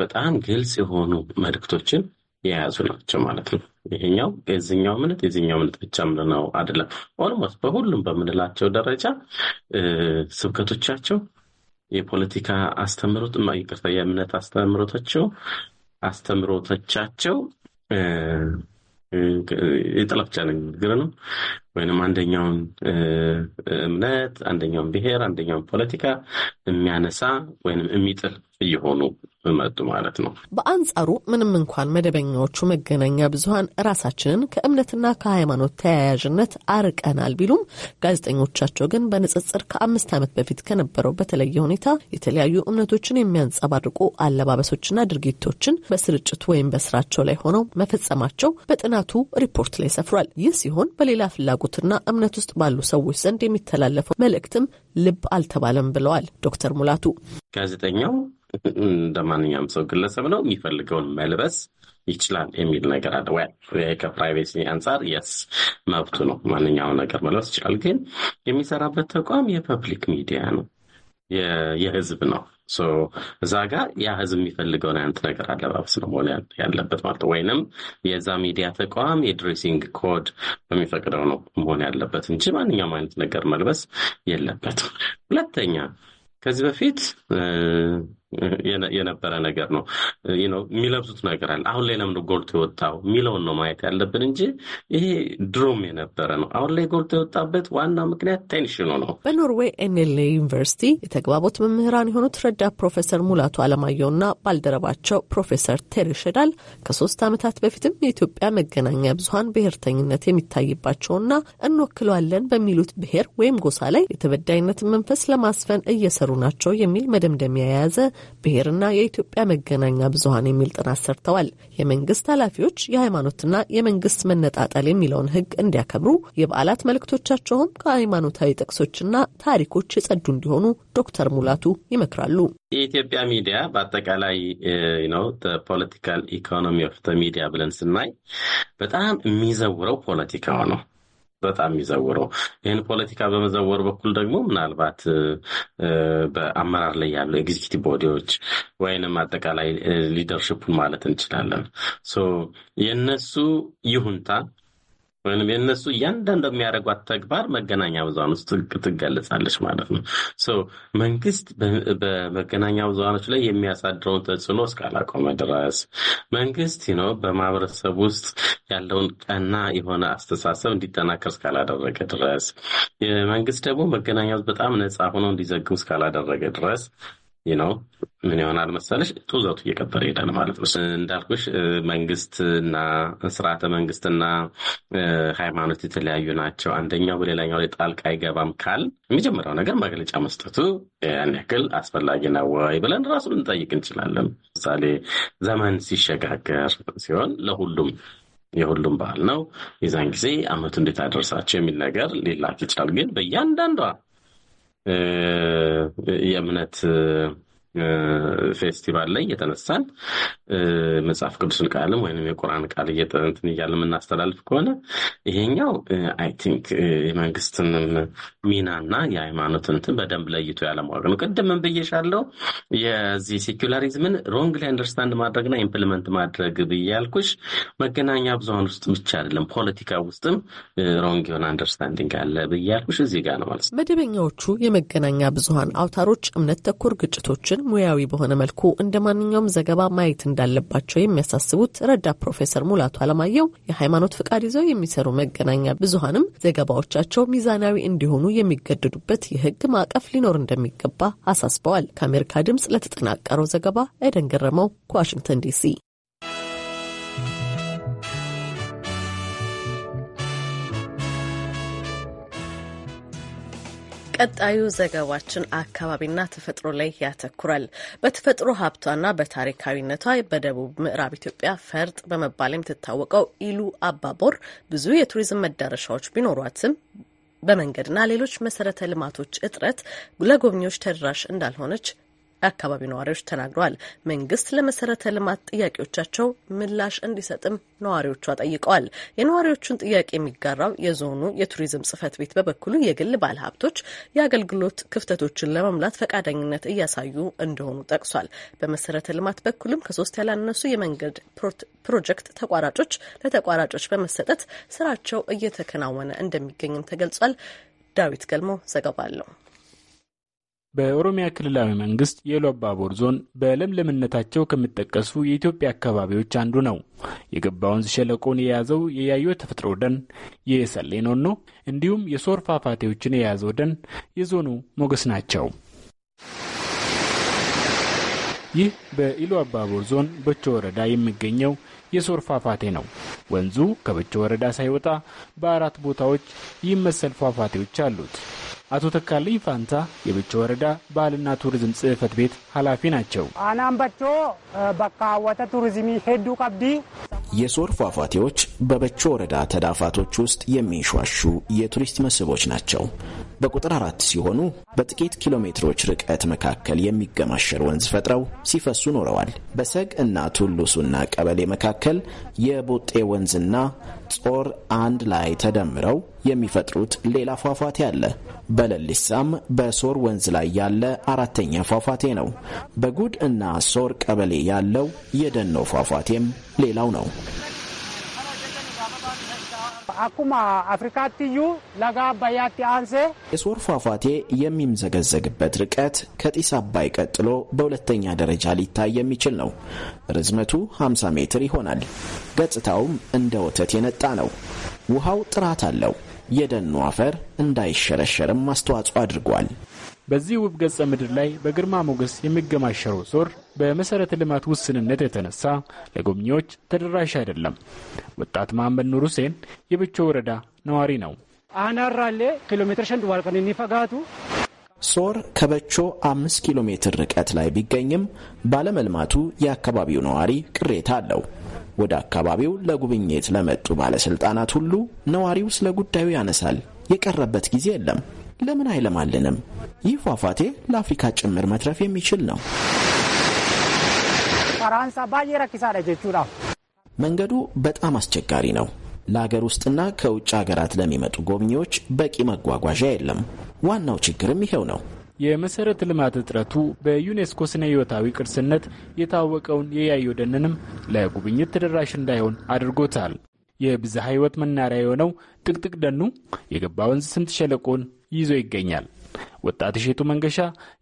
በጣም ግልጽ የሆኑ መልእክቶችን የያዙ ናቸው ማለት ነው። ይሄኛው የዚኛው እምነት የዚኛው እምነት ብቻ ምንነው አይደለም። ኦልሞስት በሁሉም በምንላቸው ደረጃ ስብከቶቻቸው የፖለቲካ አስተምሮት ይቅርታ፣ የእምነት አስተምሮቶቸው አስተምሮቶቻቸው የጥላቻ ንግግር ነው። ወይንም አንደኛውን እምነት፣ አንደኛውን ብሔር፣ አንደኛውን ፖለቲካ የሚያነሳ ወይንም የሚጥል እየሆኑ መጡ ማለት ነው። በአንጻሩ ምንም እንኳን መደበኛዎቹ መገናኛ ብዙኃን ራሳችንን ከእምነትና ከሃይማኖት ተያያዥነት አርቀናል ቢሉም ጋዜጠኞቻቸው ግን በንጽጽር ከአምስት ዓመት በፊት ከነበረው በተለየ ሁኔታ የተለያዩ እምነቶችን የሚያንጸባርቁ አለባበሶችና ድርጊቶችን በስርጭቱ ወይም በስራቸው ላይ ሆነው መፈጸማቸው በጥናቱ ሪፖርት ላይ ሰፍሯል። ይህ ሲሆን በሌላ ፍላጎትና እምነት ውስጥ ባሉ ሰዎች ዘንድ የሚተላለፈው መልእክትም ልብ አልተባለም ብለዋል ዶክተር ሙላቱ ጋዜጠኛው እንደ ማንኛውም ሰው ግለሰብ ነው የሚፈልገውን መልበስ ይችላል የሚል ነገር አለ። ከፕራይቬሲ አንጻር የስ መብቱ ነው፣ ማንኛውም ነገር መልበስ ይችላል። ግን የሚሰራበት ተቋም የፐብሊክ ሚዲያ ነው፣ የህዝብ ነው። እዛ ጋር ያ ህዝብ የሚፈልገውን አይነት ነገር አለባበስ ነው መሆን ያለበት ማለት ወይንም የዛ ሚዲያ ተቋም የድሬሲንግ ኮድ በሚፈቅደው ነው መሆን ያለበት እንጂ ማንኛውም አይነት ነገር መልበስ የለበትም። ሁለተኛ ከዚህ በፊት የነበረ ነገር ነው። የሚለብሱት ነገር አለ። አሁን ላይ ለምን ጎልቶ የወጣው የሚለውን ነው ማየት ያለብን እንጂ ይሄ ድሮም የነበረ ነው። አሁን ላይ ጎልቶ የወጣበት ዋና ምክንያት ቴንሽኑ ነው። በኖርዌይ ኤንኤልኤ ዩኒቨርሲቲ የተግባቦት መምህራን የሆኑት ረዳት ፕሮፌሰር ሙላቱ አለማየሁና ባልደረባቸው ፕሮፌሰር ቴሪ ሸዳል ከሶስት ዓመታት በፊትም የኢትዮጵያ መገናኛ ብዙኃን ብሔርተኝነት የሚታይባቸውና እንወክለዋለን በሚሉት ብሔር ወይም ጎሳ ላይ የተበዳይነትን መንፈስ ለማስፈን እየሰሩ ናቸው የሚል መደምደሚያ የያዘ ብሔርና የኢትዮጵያ መገናኛ ብዙሀን የሚል ጥናት ሰርተዋል። የመንግስት ኃላፊዎች የሃይማኖትና የመንግስት መነጣጠል የሚለውን ህግ እንዲያከብሩ፣ የበዓላት መልእክቶቻቸውም ከሃይማኖታዊ ጥቅሶችና ታሪኮች የጸዱ እንዲሆኑ ዶክተር ሙላቱ ይመክራሉ። የኢትዮጵያ ሚዲያ በአጠቃላይ ነው ፖለቲካል ኢኮኖሚ ኦፍ ሚዲያ ብለን ስናይ በጣም የሚዘውረው ፖለቲካው ነው። በጣም የሚዘውረው ይህን ፖለቲካ በመዘወር በኩል ደግሞ ምናልባት በአመራር ላይ ያሉ ኤግዚኪቲቭ ቦዲዎች ወይንም አጠቃላይ ሊደርሽፑን ማለት እንችላለን የነሱ ይሁንታ ወይም የእነሱ እያንዳንዱ የሚያደርጓት ተግባር መገናኛ ብዙሃን ውስጥ ትገለጻለች ማለት ነው። መንግስት በመገናኛ ብዙሃኖች ላይ የሚያሳድረውን ተጽዕኖ እስካላቆመ ድረስ መንግስት ነው በማህበረሰብ ውስጥ ያለውን ቀና የሆነ አስተሳሰብ እንዲጠናከር እስካላደረገ ድረስ መንግስት ደግሞ መገናኛ በጣም ነፃ ሆነው እንዲዘግቡ እስካላደረገ ድረስ ነው ምን ይሆናል መሰለሽ ጡዘቱ እየቀጠለ ይሄዳል ማለት ነው። እንዳልኩሽ መንግስትና ስርዓተ መንግስትና ሃይማኖት የተለያዩ ናቸው። አንደኛው በሌላኛው ላይ ጣልቃ አይገባም ካል የሚጀምረው ነገር መግለጫ መስጠቱ ያን ያክል አስፈላጊ ነው ወይ ብለን ራሱ ልንጠይቅ እንችላለን። ምሳሌ ዘመን ሲሸጋገር ሲሆን ለሁሉም የሁሉም በዓል ነው። የዛን ጊዜ አመቱ እንዴት አደርሳቸው የሚል ነገር ሊላክ ይችላል። ግን በእያንዳንዷ የእምነት ፌስቲቫል ላይ እየተነሳን መጽሐፍ ቅዱስን ቃልም ወይም የቁርአን ቃል እየጠንትን እያለ የምናስተላልፍ ከሆነ ይሄኛው አይ ቲንክ የመንግስትንም ሚናና የሃይማኖት እንትን በደንብ ለይቶ ያለማወቅ ነው። ቅድምን ብዬሻለው የዚህ ሴኩላሪዝምን ሮንግ ላይ አንደርስታንድ ማድረግና ኢምፕሊመንት ማድረግ ብያልኩሽ መገናኛ ብዙሀን ውስጥ ብቻ አይደለም ፖለቲካ ውስጥም ሮንግ የሆነ አንደርስታንዲንግ አለ ብያልኩሽ እዚህ ጋር ነው ማለት ነው። መደበኛዎቹ የመገናኛ ብዙሀን አውታሮች እምነት ተኮር ግጭቶችን ሙያዊ በሆነ መልኩ እንደ ማንኛውም ዘገባ ማየት እንዳ እንዳለባቸው የሚያሳስቡት ረዳት ፕሮፌሰር ሙላቱ አለማየሁ የሃይማኖት ፍቃድ ይዘው የሚሰሩ መገናኛ ብዙሀንም ዘገባዎቻቸው ሚዛናዊ እንዲሆኑ የሚገደዱበት የህግ ማዕቀፍ ሊኖር እንደሚገባ አሳስበዋል። ከአሜሪካ ድምጽ ለተጠናቀረው ዘገባ ኤደን ገረመው ከዋሽንግተን ዲሲ ቀጣዩ ዘገባችን አካባቢና ተፈጥሮ ላይ ያተኩራል። በተፈጥሮ ሀብቷና በታሪካዊነቷ በደቡብ ምዕራብ ኢትዮጵያ ፈርጥ በመባል የምትታወቀው ኢሉ አባቦር ብዙ የቱሪዝም መዳረሻዎች ቢኖሯትም በመንገድና ሌሎች መሰረተ ልማቶች እጥረት ለጎብኚዎች ተደራሽ እንዳልሆነች የአካባቢው ነዋሪዎች ተናግረዋል። መንግስት ለመሰረተ ልማት ጥያቄዎቻቸው ምላሽ እንዲሰጥም ነዋሪዎቿ ጠይቀዋል። የነዋሪዎቹን ጥያቄ የሚጋራው የዞኑ የቱሪዝም ጽህፈት ቤት በበኩሉ የግል ባለሀብቶች የአገልግሎት ክፍተቶችን ለመሙላት ፈቃደኝነት እያሳዩ እንደሆኑ ጠቅሷል። በመሰረተ ልማት በኩልም ከሶስት ያላነሱ የመንገድ ፕሮጀክት ተቋራጮች ለተቋራጮች በመሰጠት ስራቸው እየተከናወነ እንደሚገኝም ተገልጿል። ዳዊት ገልሞ ዘገባ አለው። በኦሮሚያ ክልላዊ መንግስት የሎባቦር አባቦር ዞን በለምለምነታቸው ከሚጠቀሱ የኢትዮጵያ አካባቢዎች አንዱ ነው። የገባ ወንዝ ሸለቆን የያዘው የያዩ ተፈጥሮ ደን የሰሌኖ ነው፣ እንዲሁም የሶር ፏፏቴዎችን የያዘው ደን የዞኑ ሞገስ ናቸው። ይህ በኢሉ አባቦር ዞን በቾ ወረዳ የሚገኘው የሶር ፏፏቴ ነው። ወንዙ ከበቾ ወረዳ ሳይወጣ በአራት ቦታዎች ይህ መሰል ፏፏቴዎች አሉት። አቶ ተካልኝ ፋንታ የብቸ ወረዳ ባህልና ቱሪዝም ጽህፈት ቤት ኃላፊ ናቸው። አናምበቾ በካወተ ቱሪዝሚ ሄዱ ቀብዲ የሶር ፏፏቴዎች በበቾ ወረዳ ተዳፋቶች ውስጥ የሚንሿሹ የቱሪስት መስህቦች ናቸው። በቁጥር አራት ሲሆኑ በጥቂት ኪሎ ሜትሮች ርቀት መካከል የሚገማሸር ወንዝ ፈጥረው ሲፈሱ ኖረዋል። በሰግ እና ቱሉሱና ቀበሌ መካከል የቦጤ ወንዝና ጾር አንድ ላይ ተደምረው የሚፈጥሩት ሌላ ፏፏቴ አለ። በለሊሳም በሶር ወንዝ ላይ ያለ አራተኛ ፏፏቴ ነው። በጉድ እና ሶር ቀበሌ ያለው የደኖ ፏፏቴም ሌላው ነው። አኩማ አፍሪካትዩ ለጋ አባያት አንሴ የሶር ፏፏቴ የሚምዘገዘግበት ርቀት ከጢስ አባይ ቀጥሎ በሁለተኛ ደረጃ ሊታይ የሚችል ነው። ርዝመቱ 50 ሜትር ይሆናል። ገጽታውም እንደ ወተት የነጣ ነው። ውሃው ጥራት አለው። የደኑ አፈር እንዳይሸረሸርም አስተዋጽኦ አድርጓል። በዚህ ውብ ገጸ ምድር ላይ በግርማ ሞገስ የሚገማሸረው ሶር በመሠረተ ልማት ውስንነት የተነሳ ለጎብኚዎች ተደራሽ አይደለም። ወጣት መሐመድ ኑር ሁሴን የብቾ ወረዳ ነዋሪ ነው። አናራሌ ኪሎ ሜትር ሸንድ ዋልቀን ፈጋቱ ሶር ከበቾ አምስት ኪሎ ሜትር ርቀት ላይ ቢገኝም ባለመልማቱ የአካባቢው ነዋሪ ቅሬታ አለው። ወደ አካባቢው ለጉብኝት ለመጡ ባለሥልጣናት ሁሉ ነዋሪው ስለ ጉዳዩ ያነሳል። የቀረበት ጊዜ የለም። ለምን አይለማልንም? ይህ ፏፏቴ ለአፍሪካ ጭምር መትረፍ የሚችል ነው። መንገዱ በጣም አስቸጋሪ ነው። ለአገር ውስጥና ከውጭ ሀገራት ለሚመጡ ጎብኚዎች በቂ መጓጓዣ የለም። ዋናው ችግርም ይሄው ነው። የመሰረተ ልማት እጥረቱ በዩኔስኮ ስነ ሕይወታዊ ቅርስነት የታወቀውን የያዩ ደንንም ለጉብኝት ተደራሽ እንዳይሆን አድርጎታል። የብዝሃ ሕይወት መናሪያ የሆነው ጥቅጥቅ ደኑ የገባ ወንዝ ስምጥ ሸለቆን ይዞ ይገኛል። ወጣት እሸቱ መንገሻ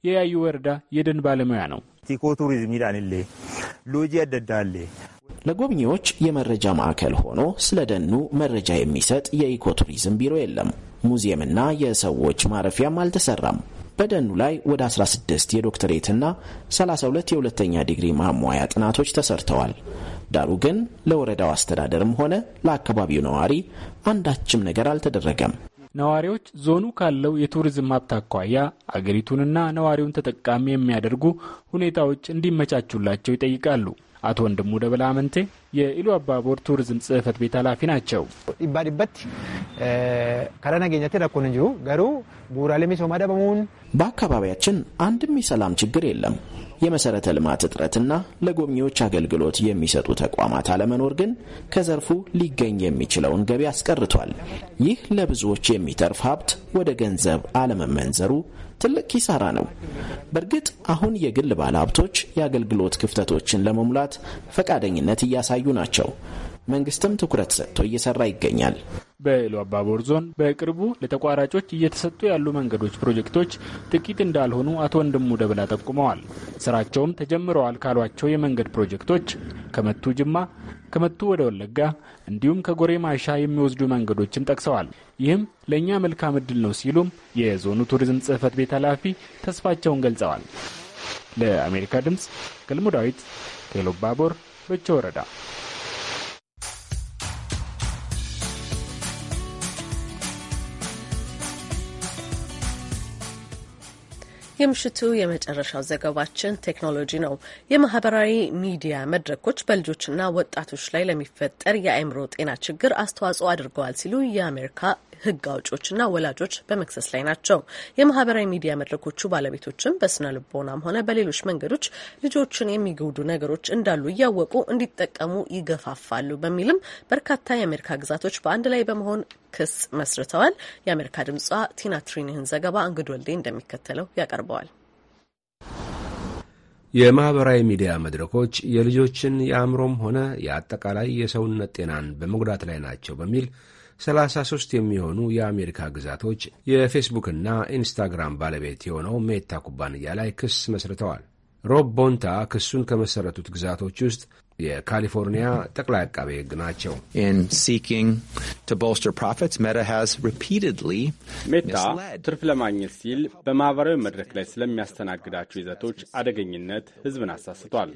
የያዩ ወረዳ የደን ባለሙያ ነው። ኢኮ ቱሪዝም ይዳንሌ ሎጂ ያደዳሌ ለጎብኚዎች የመረጃ ማዕከል ሆኖ ስለ ደኑ መረጃ የሚሰጥ የኢኮቱሪዝም ቢሮ የለም። ሙዚየምና የሰዎች ማረፊያም አልተሰራም። በደኑ ላይ ወደ 16 የዶክተሬትና 32 የሁለተኛ ዲግሪ ማሟያ ጥናቶች ተሰርተዋል። ዳሩ ግን ለወረዳው አስተዳደርም ሆነ ለአካባቢው ነዋሪ አንዳችም ነገር አልተደረገም። ነዋሪዎች ዞኑ ካለው የቱሪዝም ሀብት አኳያ አገሪቱንና ነዋሪውን ተጠቃሚ የሚያደርጉ ሁኔታዎች እንዲመቻቹላቸው ይጠይቃሉ። አቶ ወንድሙ ደበላ አመንቴ የኢሉ አባቦር ቱሪዝም ጽህፈት ቤት ኃላፊ ናቸው። ባዲበት ከረናገኘት ረኮን እንጂ ገሩ ቡራሌ ሚሶማዳ በመሆን በአካባቢያችን አንድም የሰላም ችግር የለም። የመሰረተ ልማት እጥረትና ለጎብኚዎች አገልግሎት የሚሰጡ ተቋማት አለመኖር ግን ከዘርፉ ሊገኝ የሚችለውን ገቢ አስቀርቷል። ይህ ለብዙዎች የሚተርፍ ሀብት ወደ ገንዘብ አለመመንዘሩ ትልቅ ኪሳራ ነው። በእርግጥ አሁን የግል ባለሀብቶች የአገልግሎት ክፍተቶችን ለመሙላት ፈቃደኝነት እያሳዩ ናቸው። መንግስትም ትኩረት ሰጥቶ እየሰራ ይገኛል። በኢሉ አባቦር ዞን በቅርቡ ለተቋራጮች እየተሰጡ ያሉ መንገዶች ፕሮጀክቶች ጥቂት እንዳልሆኑ አቶ ወንድሙ ደብላ ጠቁመዋል። ስራቸውም ተጀምረዋል ካሏቸው የመንገድ ፕሮጀክቶች ከመቱ ጅማ፣ ከመቱ ወደ ወለጋ እንዲሁም ከጎሬ ማሻ የሚወስዱ መንገዶችን ጠቅሰዋል። ይህም ለእኛ መልካም እድል ነው ሲሉም የዞኑ ቱሪዝም ጽህፈት ቤት ኃላፊ ተስፋቸውን ገልጸዋል። ለአሜሪካ ድምፅ ገልሞ ዳዊት ከኢሉ አባቦር ወረዳ የምሽቱ የመጨረሻው ዘገባችን ቴክኖሎጂ ነው። የማህበራዊ ሚዲያ መድረኮች በልጆችና ወጣቶች ላይ ለሚፈጠር የአእምሮ ጤና ችግር አስተዋጽኦ አድርገዋል ሲሉ የአሜሪካ ህግ አውጪዎችና ወላጆች በመክሰስ ላይ ናቸው። የማህበራዊ ሚዲያ መድረኮቹ ባለቤቶችም በስነ ልቦናም ሆነ በሌሎች መንገዶች ልጆችን የሚጎዱ ነገሮች እንዳሉ እያወቁ እንዲጠቀሙ ይገፋፋሉ በሚልም በርካታ የአሜሪካ ግዛቶች በአንድ ላይ በመሆን ክስ መስርተዋል። የአሜሪካ ድምጿ ቲና ትሪኒህን ዘገባ እንግድ ወልዴ እንደሚከተለው ያቀርበዋል። የማኅበራዊ ሚዲያ መድረኮች የልጆችን የአእምሮም ሆነ የአጠቃላይ የሰውነት ጤናን በመጉዳት ላይ ናቸው በሚል 33 የሚሆኑ የአሜሪካ ግዛቶች የፌስቡክና ኢንስታግራም ባለቤት የሆነው ሜታ ኩባንያ ላይ ክስ መስርተዋል። ሮብ ቦንታ ክሱን ከመሠረቱት ግዛቶች ውስጥ የካሊፎርኒያ ጠቅላይ አቃቤ ሕግ ናቸው። ሜታ ትርፍ ለማግኘት ሲል በማህበራዊ መድረክ ላይ ስለሚያስተናግዳቸው ይዘቶች አደገኝነት ህዝብን አሳስቷል።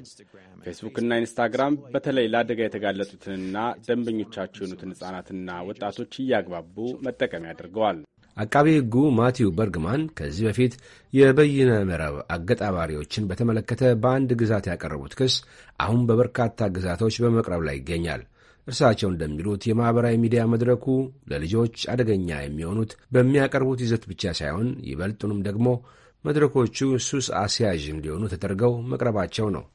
ፌስቡክና ኢንስታግራም በተለይ ለአደጋ የተጋለጡትንና ደንበኞቻቸው የሆኑትን ህጻናትና ወጣቶች እያግባቡ መጠቀሚያ አድርገዋል። አቃቤ ሕጉ ማቲው በርግማን ከዚህ በፊት የበይነ መረብ አገጣባሪዎችን በተመለከተ በአንድ ግዛት ያቀረቡት ክስ አሁን በበርካታ ግዛቶች በመቅረብ ላይ ይገኛል። እርሳቸው እንደሚሉት የማኅበራዊ ሚዲያ መድረኩ ለልጆች አደገኛ የሚሆኑት በሚያቀርቡት ይዘት ብቻ ሳይሆን ይበልጡንም ደግሞ መድረኮቹ ሱስ አስያዥ እንዲሆኑ ተደርገው መቅረባቸው ነው።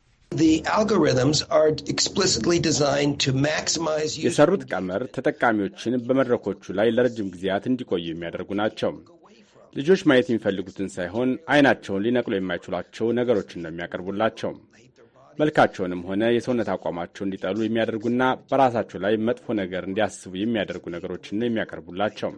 የሰሩት ቀመር ተጠቃሚዎችን በመድረኮቹ ላይ ለረጅም ጊዜያት እንዲቆዩ የሚያደርጉ ናቸው። ልጆች ማየት የሚፈልጉትን ሳይሆን አይናቸውን ሊነቅሉ የማይችሏቸው ነገሮችን ነው የሚያቀርቡላቸው። መልካቸውንም ሆነ የሰውነት አቋማቸው እንዲጠሉ የሚያደርጉና በራሳቸው ላይ መጥፎ ነገር እንዲያስቡ የሚያደርጉ ነገሮችን ነው የሚያቀርቡላቸው።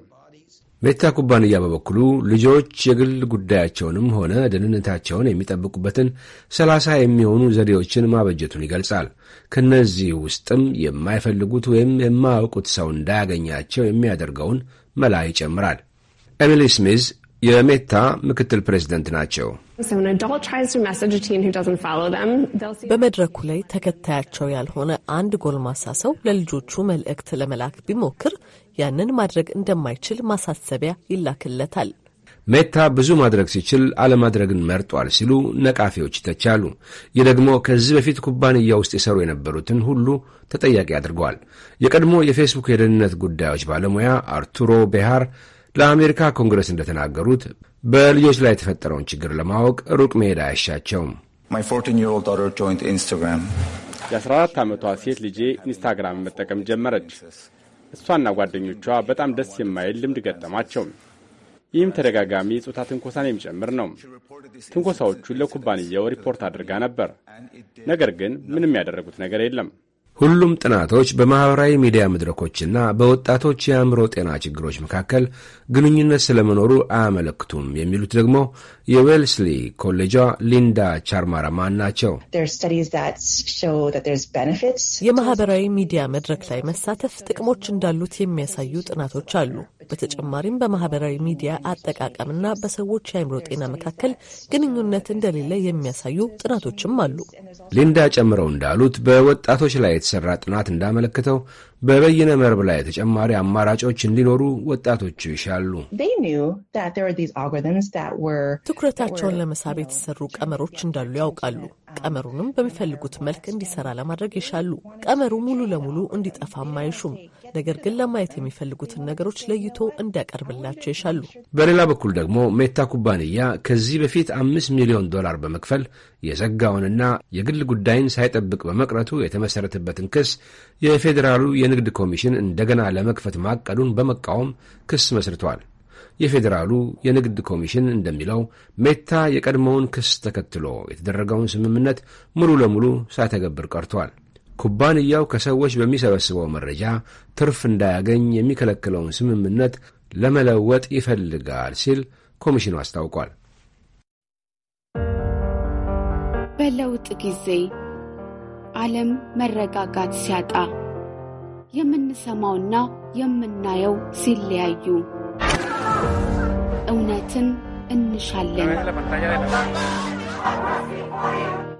ሜታ ኩባንያ በበኩሉ ልጆች የግል ጉዳያቸውንም ሆነ ደህንነታቸውን የሚጠብቁበትን ሰላሳ የሚሆኑ ዘዴዎችን ማበጀቱን ይገልጻል። ከእነዚህ ውስጥም የማይፈልጉት ወይም የማያውቁት ሰው እንዳያገኛቸው የሚያደርገውን መላ ይጨምራል። ኤሚሊ ስሚዝ የሜታ ምክትል ፕሬዚደንት ናቸው። በመድረኩ ላይ ተከታያቸው ያልሆነ አንድ ጎልማሳ ሰው ለልጆቹ መልእክት ለመላክ ቢሞክር ያንን ማድረግ እንደማይችል ማሳሰቢያ ይላክለታል። ሜታ ብዙ ማድረግ ሲችል አለማድረግን መርጧል ሲሉ ነቃፊዎች ይተቻሉ። ይህ ደግሞ ከዚህ በፊት ኩባንያ ውስጥ የሰሩ የነበሩትን ሁሉ ተጠያቂ አድርገዋል። የቀድሞ የፌስቡክ የደህንነት ጉዳዮች ባለሙያ አርቱሮ ቤሃር ለአሜሪካ ኮንግረስ እንደተናገሩት በልጆች ላይ የተፈጠረውን ችግር ለማወቅ ሩቅ መሄድ አያሻቸውም። የ14 ዓመቷ ሴት ልጄ ኢንስታግራም መጠቀም ጀመረች። እሷና ጓደኞቿ በጣም ደስ የማይል ልምድ ገጠማቸው። ይህም ተደጋጋሚ የጾታ ትንኮሳን የሚጨምር ነው። ትንኮሳዎቹን ለኩባንያው ሪፖርት አድርጋ ነበር። ነገር ግን ምንም ያደረጉት ነገር የለም። ሁሉም ጥናቶች በማኅበራዊ ሚዲያ መድረኮችና በወጣቶች የአእምሮ ጤና ችግሮች መካከል ግንኙነት ስለመኖሩ አያመለክቱም የሚሉት ደግሞ የዌልስሊ ኮሌጇ ሊንዳ ቻርማራማን ናቸው። የማኅበራዊ ሚዲያ መድረክ ላይ መሳተፍ ጥቅሞች እንዳሉት የሚያሳዩ ጥናቶች አሉ። በተጨማሪም በማኅበራዊ ሚዲያ አጠቃቀምና በሰዎች የአእምሮ ጤና መካከል ግንኙነት እንደሌለ የሚያሳዩ ጥናቶችም አሉ። ሊንዳ ጨምረው እንዳሉት በወጣቶች ላይ የተሰራ ጥናት እንዳመለከተው በበይነ መርብ ላይ ተጨማሪ አማራጮች እንዲኖሩ ወጣቶቹ ይሻሉ። ትኩረታቸውን ለመሳብ የተሰሩ ቀመሮች እንዳሉ ያውቃሉ። ቀመሩንም በሚፈልጉት መልክ እንዲሰራ ለማድረግ ይሻሉ። ቀመሩ ሙሉ ለሙሉ እንዲጠፋም አይሹም። ነገር ግን ለማየት የሚፈልጉትን ነገሮች ለይቶ እንዲያቀርብላቸው ይሻሉ። በሌላ በኩል ደግሞ ሜታ ኩባንያ ከዚህ በፊት አምስት ሚሊዮን ዶላር በመክፈል የዘጋውንና የግል ጉዳይን ሳይጠብቅ በመቅረቱ የተመሠረተበትን ክስ የፌዴራሉ የንግድ ኮሚሽን እንደገና ለመክፈት ማቀዱን በመቃወም ክስ መስርቷል። የፌዴራሉ የንግድ ኮሚሽን እንደሚለው ሜታ የቀድሞውን ክስ ተከትሎ የተደረገውን ስምምነት ሙሉ ለሙሉ ሳይተገብር ቀርቷል። ኩባንያው ከሰዎች በሚሰበስበው መረጃ ትርፍ እንዳያገኝ የሚከለክለውን ስምምነት ለመለወጥ ይፈልጋል ሲል ኮሚሽኑ አስታውቋል። በለውጥ ጊዜ ዓለም መረጋጋት ሲያጣ የምንሰማውና የምናየው ሲለያዩ እውነትን እንሻለን።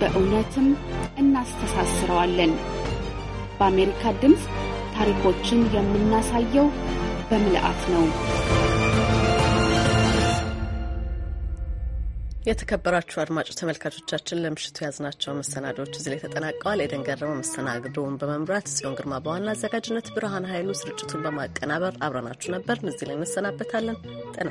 በእውነትም እናስተሳስረዋለን። በአሜሪካ ድምፅ ታሪኮችን የምናሳየው በምልአት ነው። የተከበራችሁ አድማጭ ተመልካቾቻችን ለምሽቱ የያዝናቸው መሰናዶዎች እዚህ ላይ ተጠናቀዋል። ኤደን ገረመ መሰናዶውን በመምራት ጽዮን ግርማ በዋና አዘጋጅነት፣ ብርሃን ኃይሉ ስርጭቱን በማቀናበር አብረናችሁ ነበር። እዚህ ላይ እንሰናበታለን። ጤና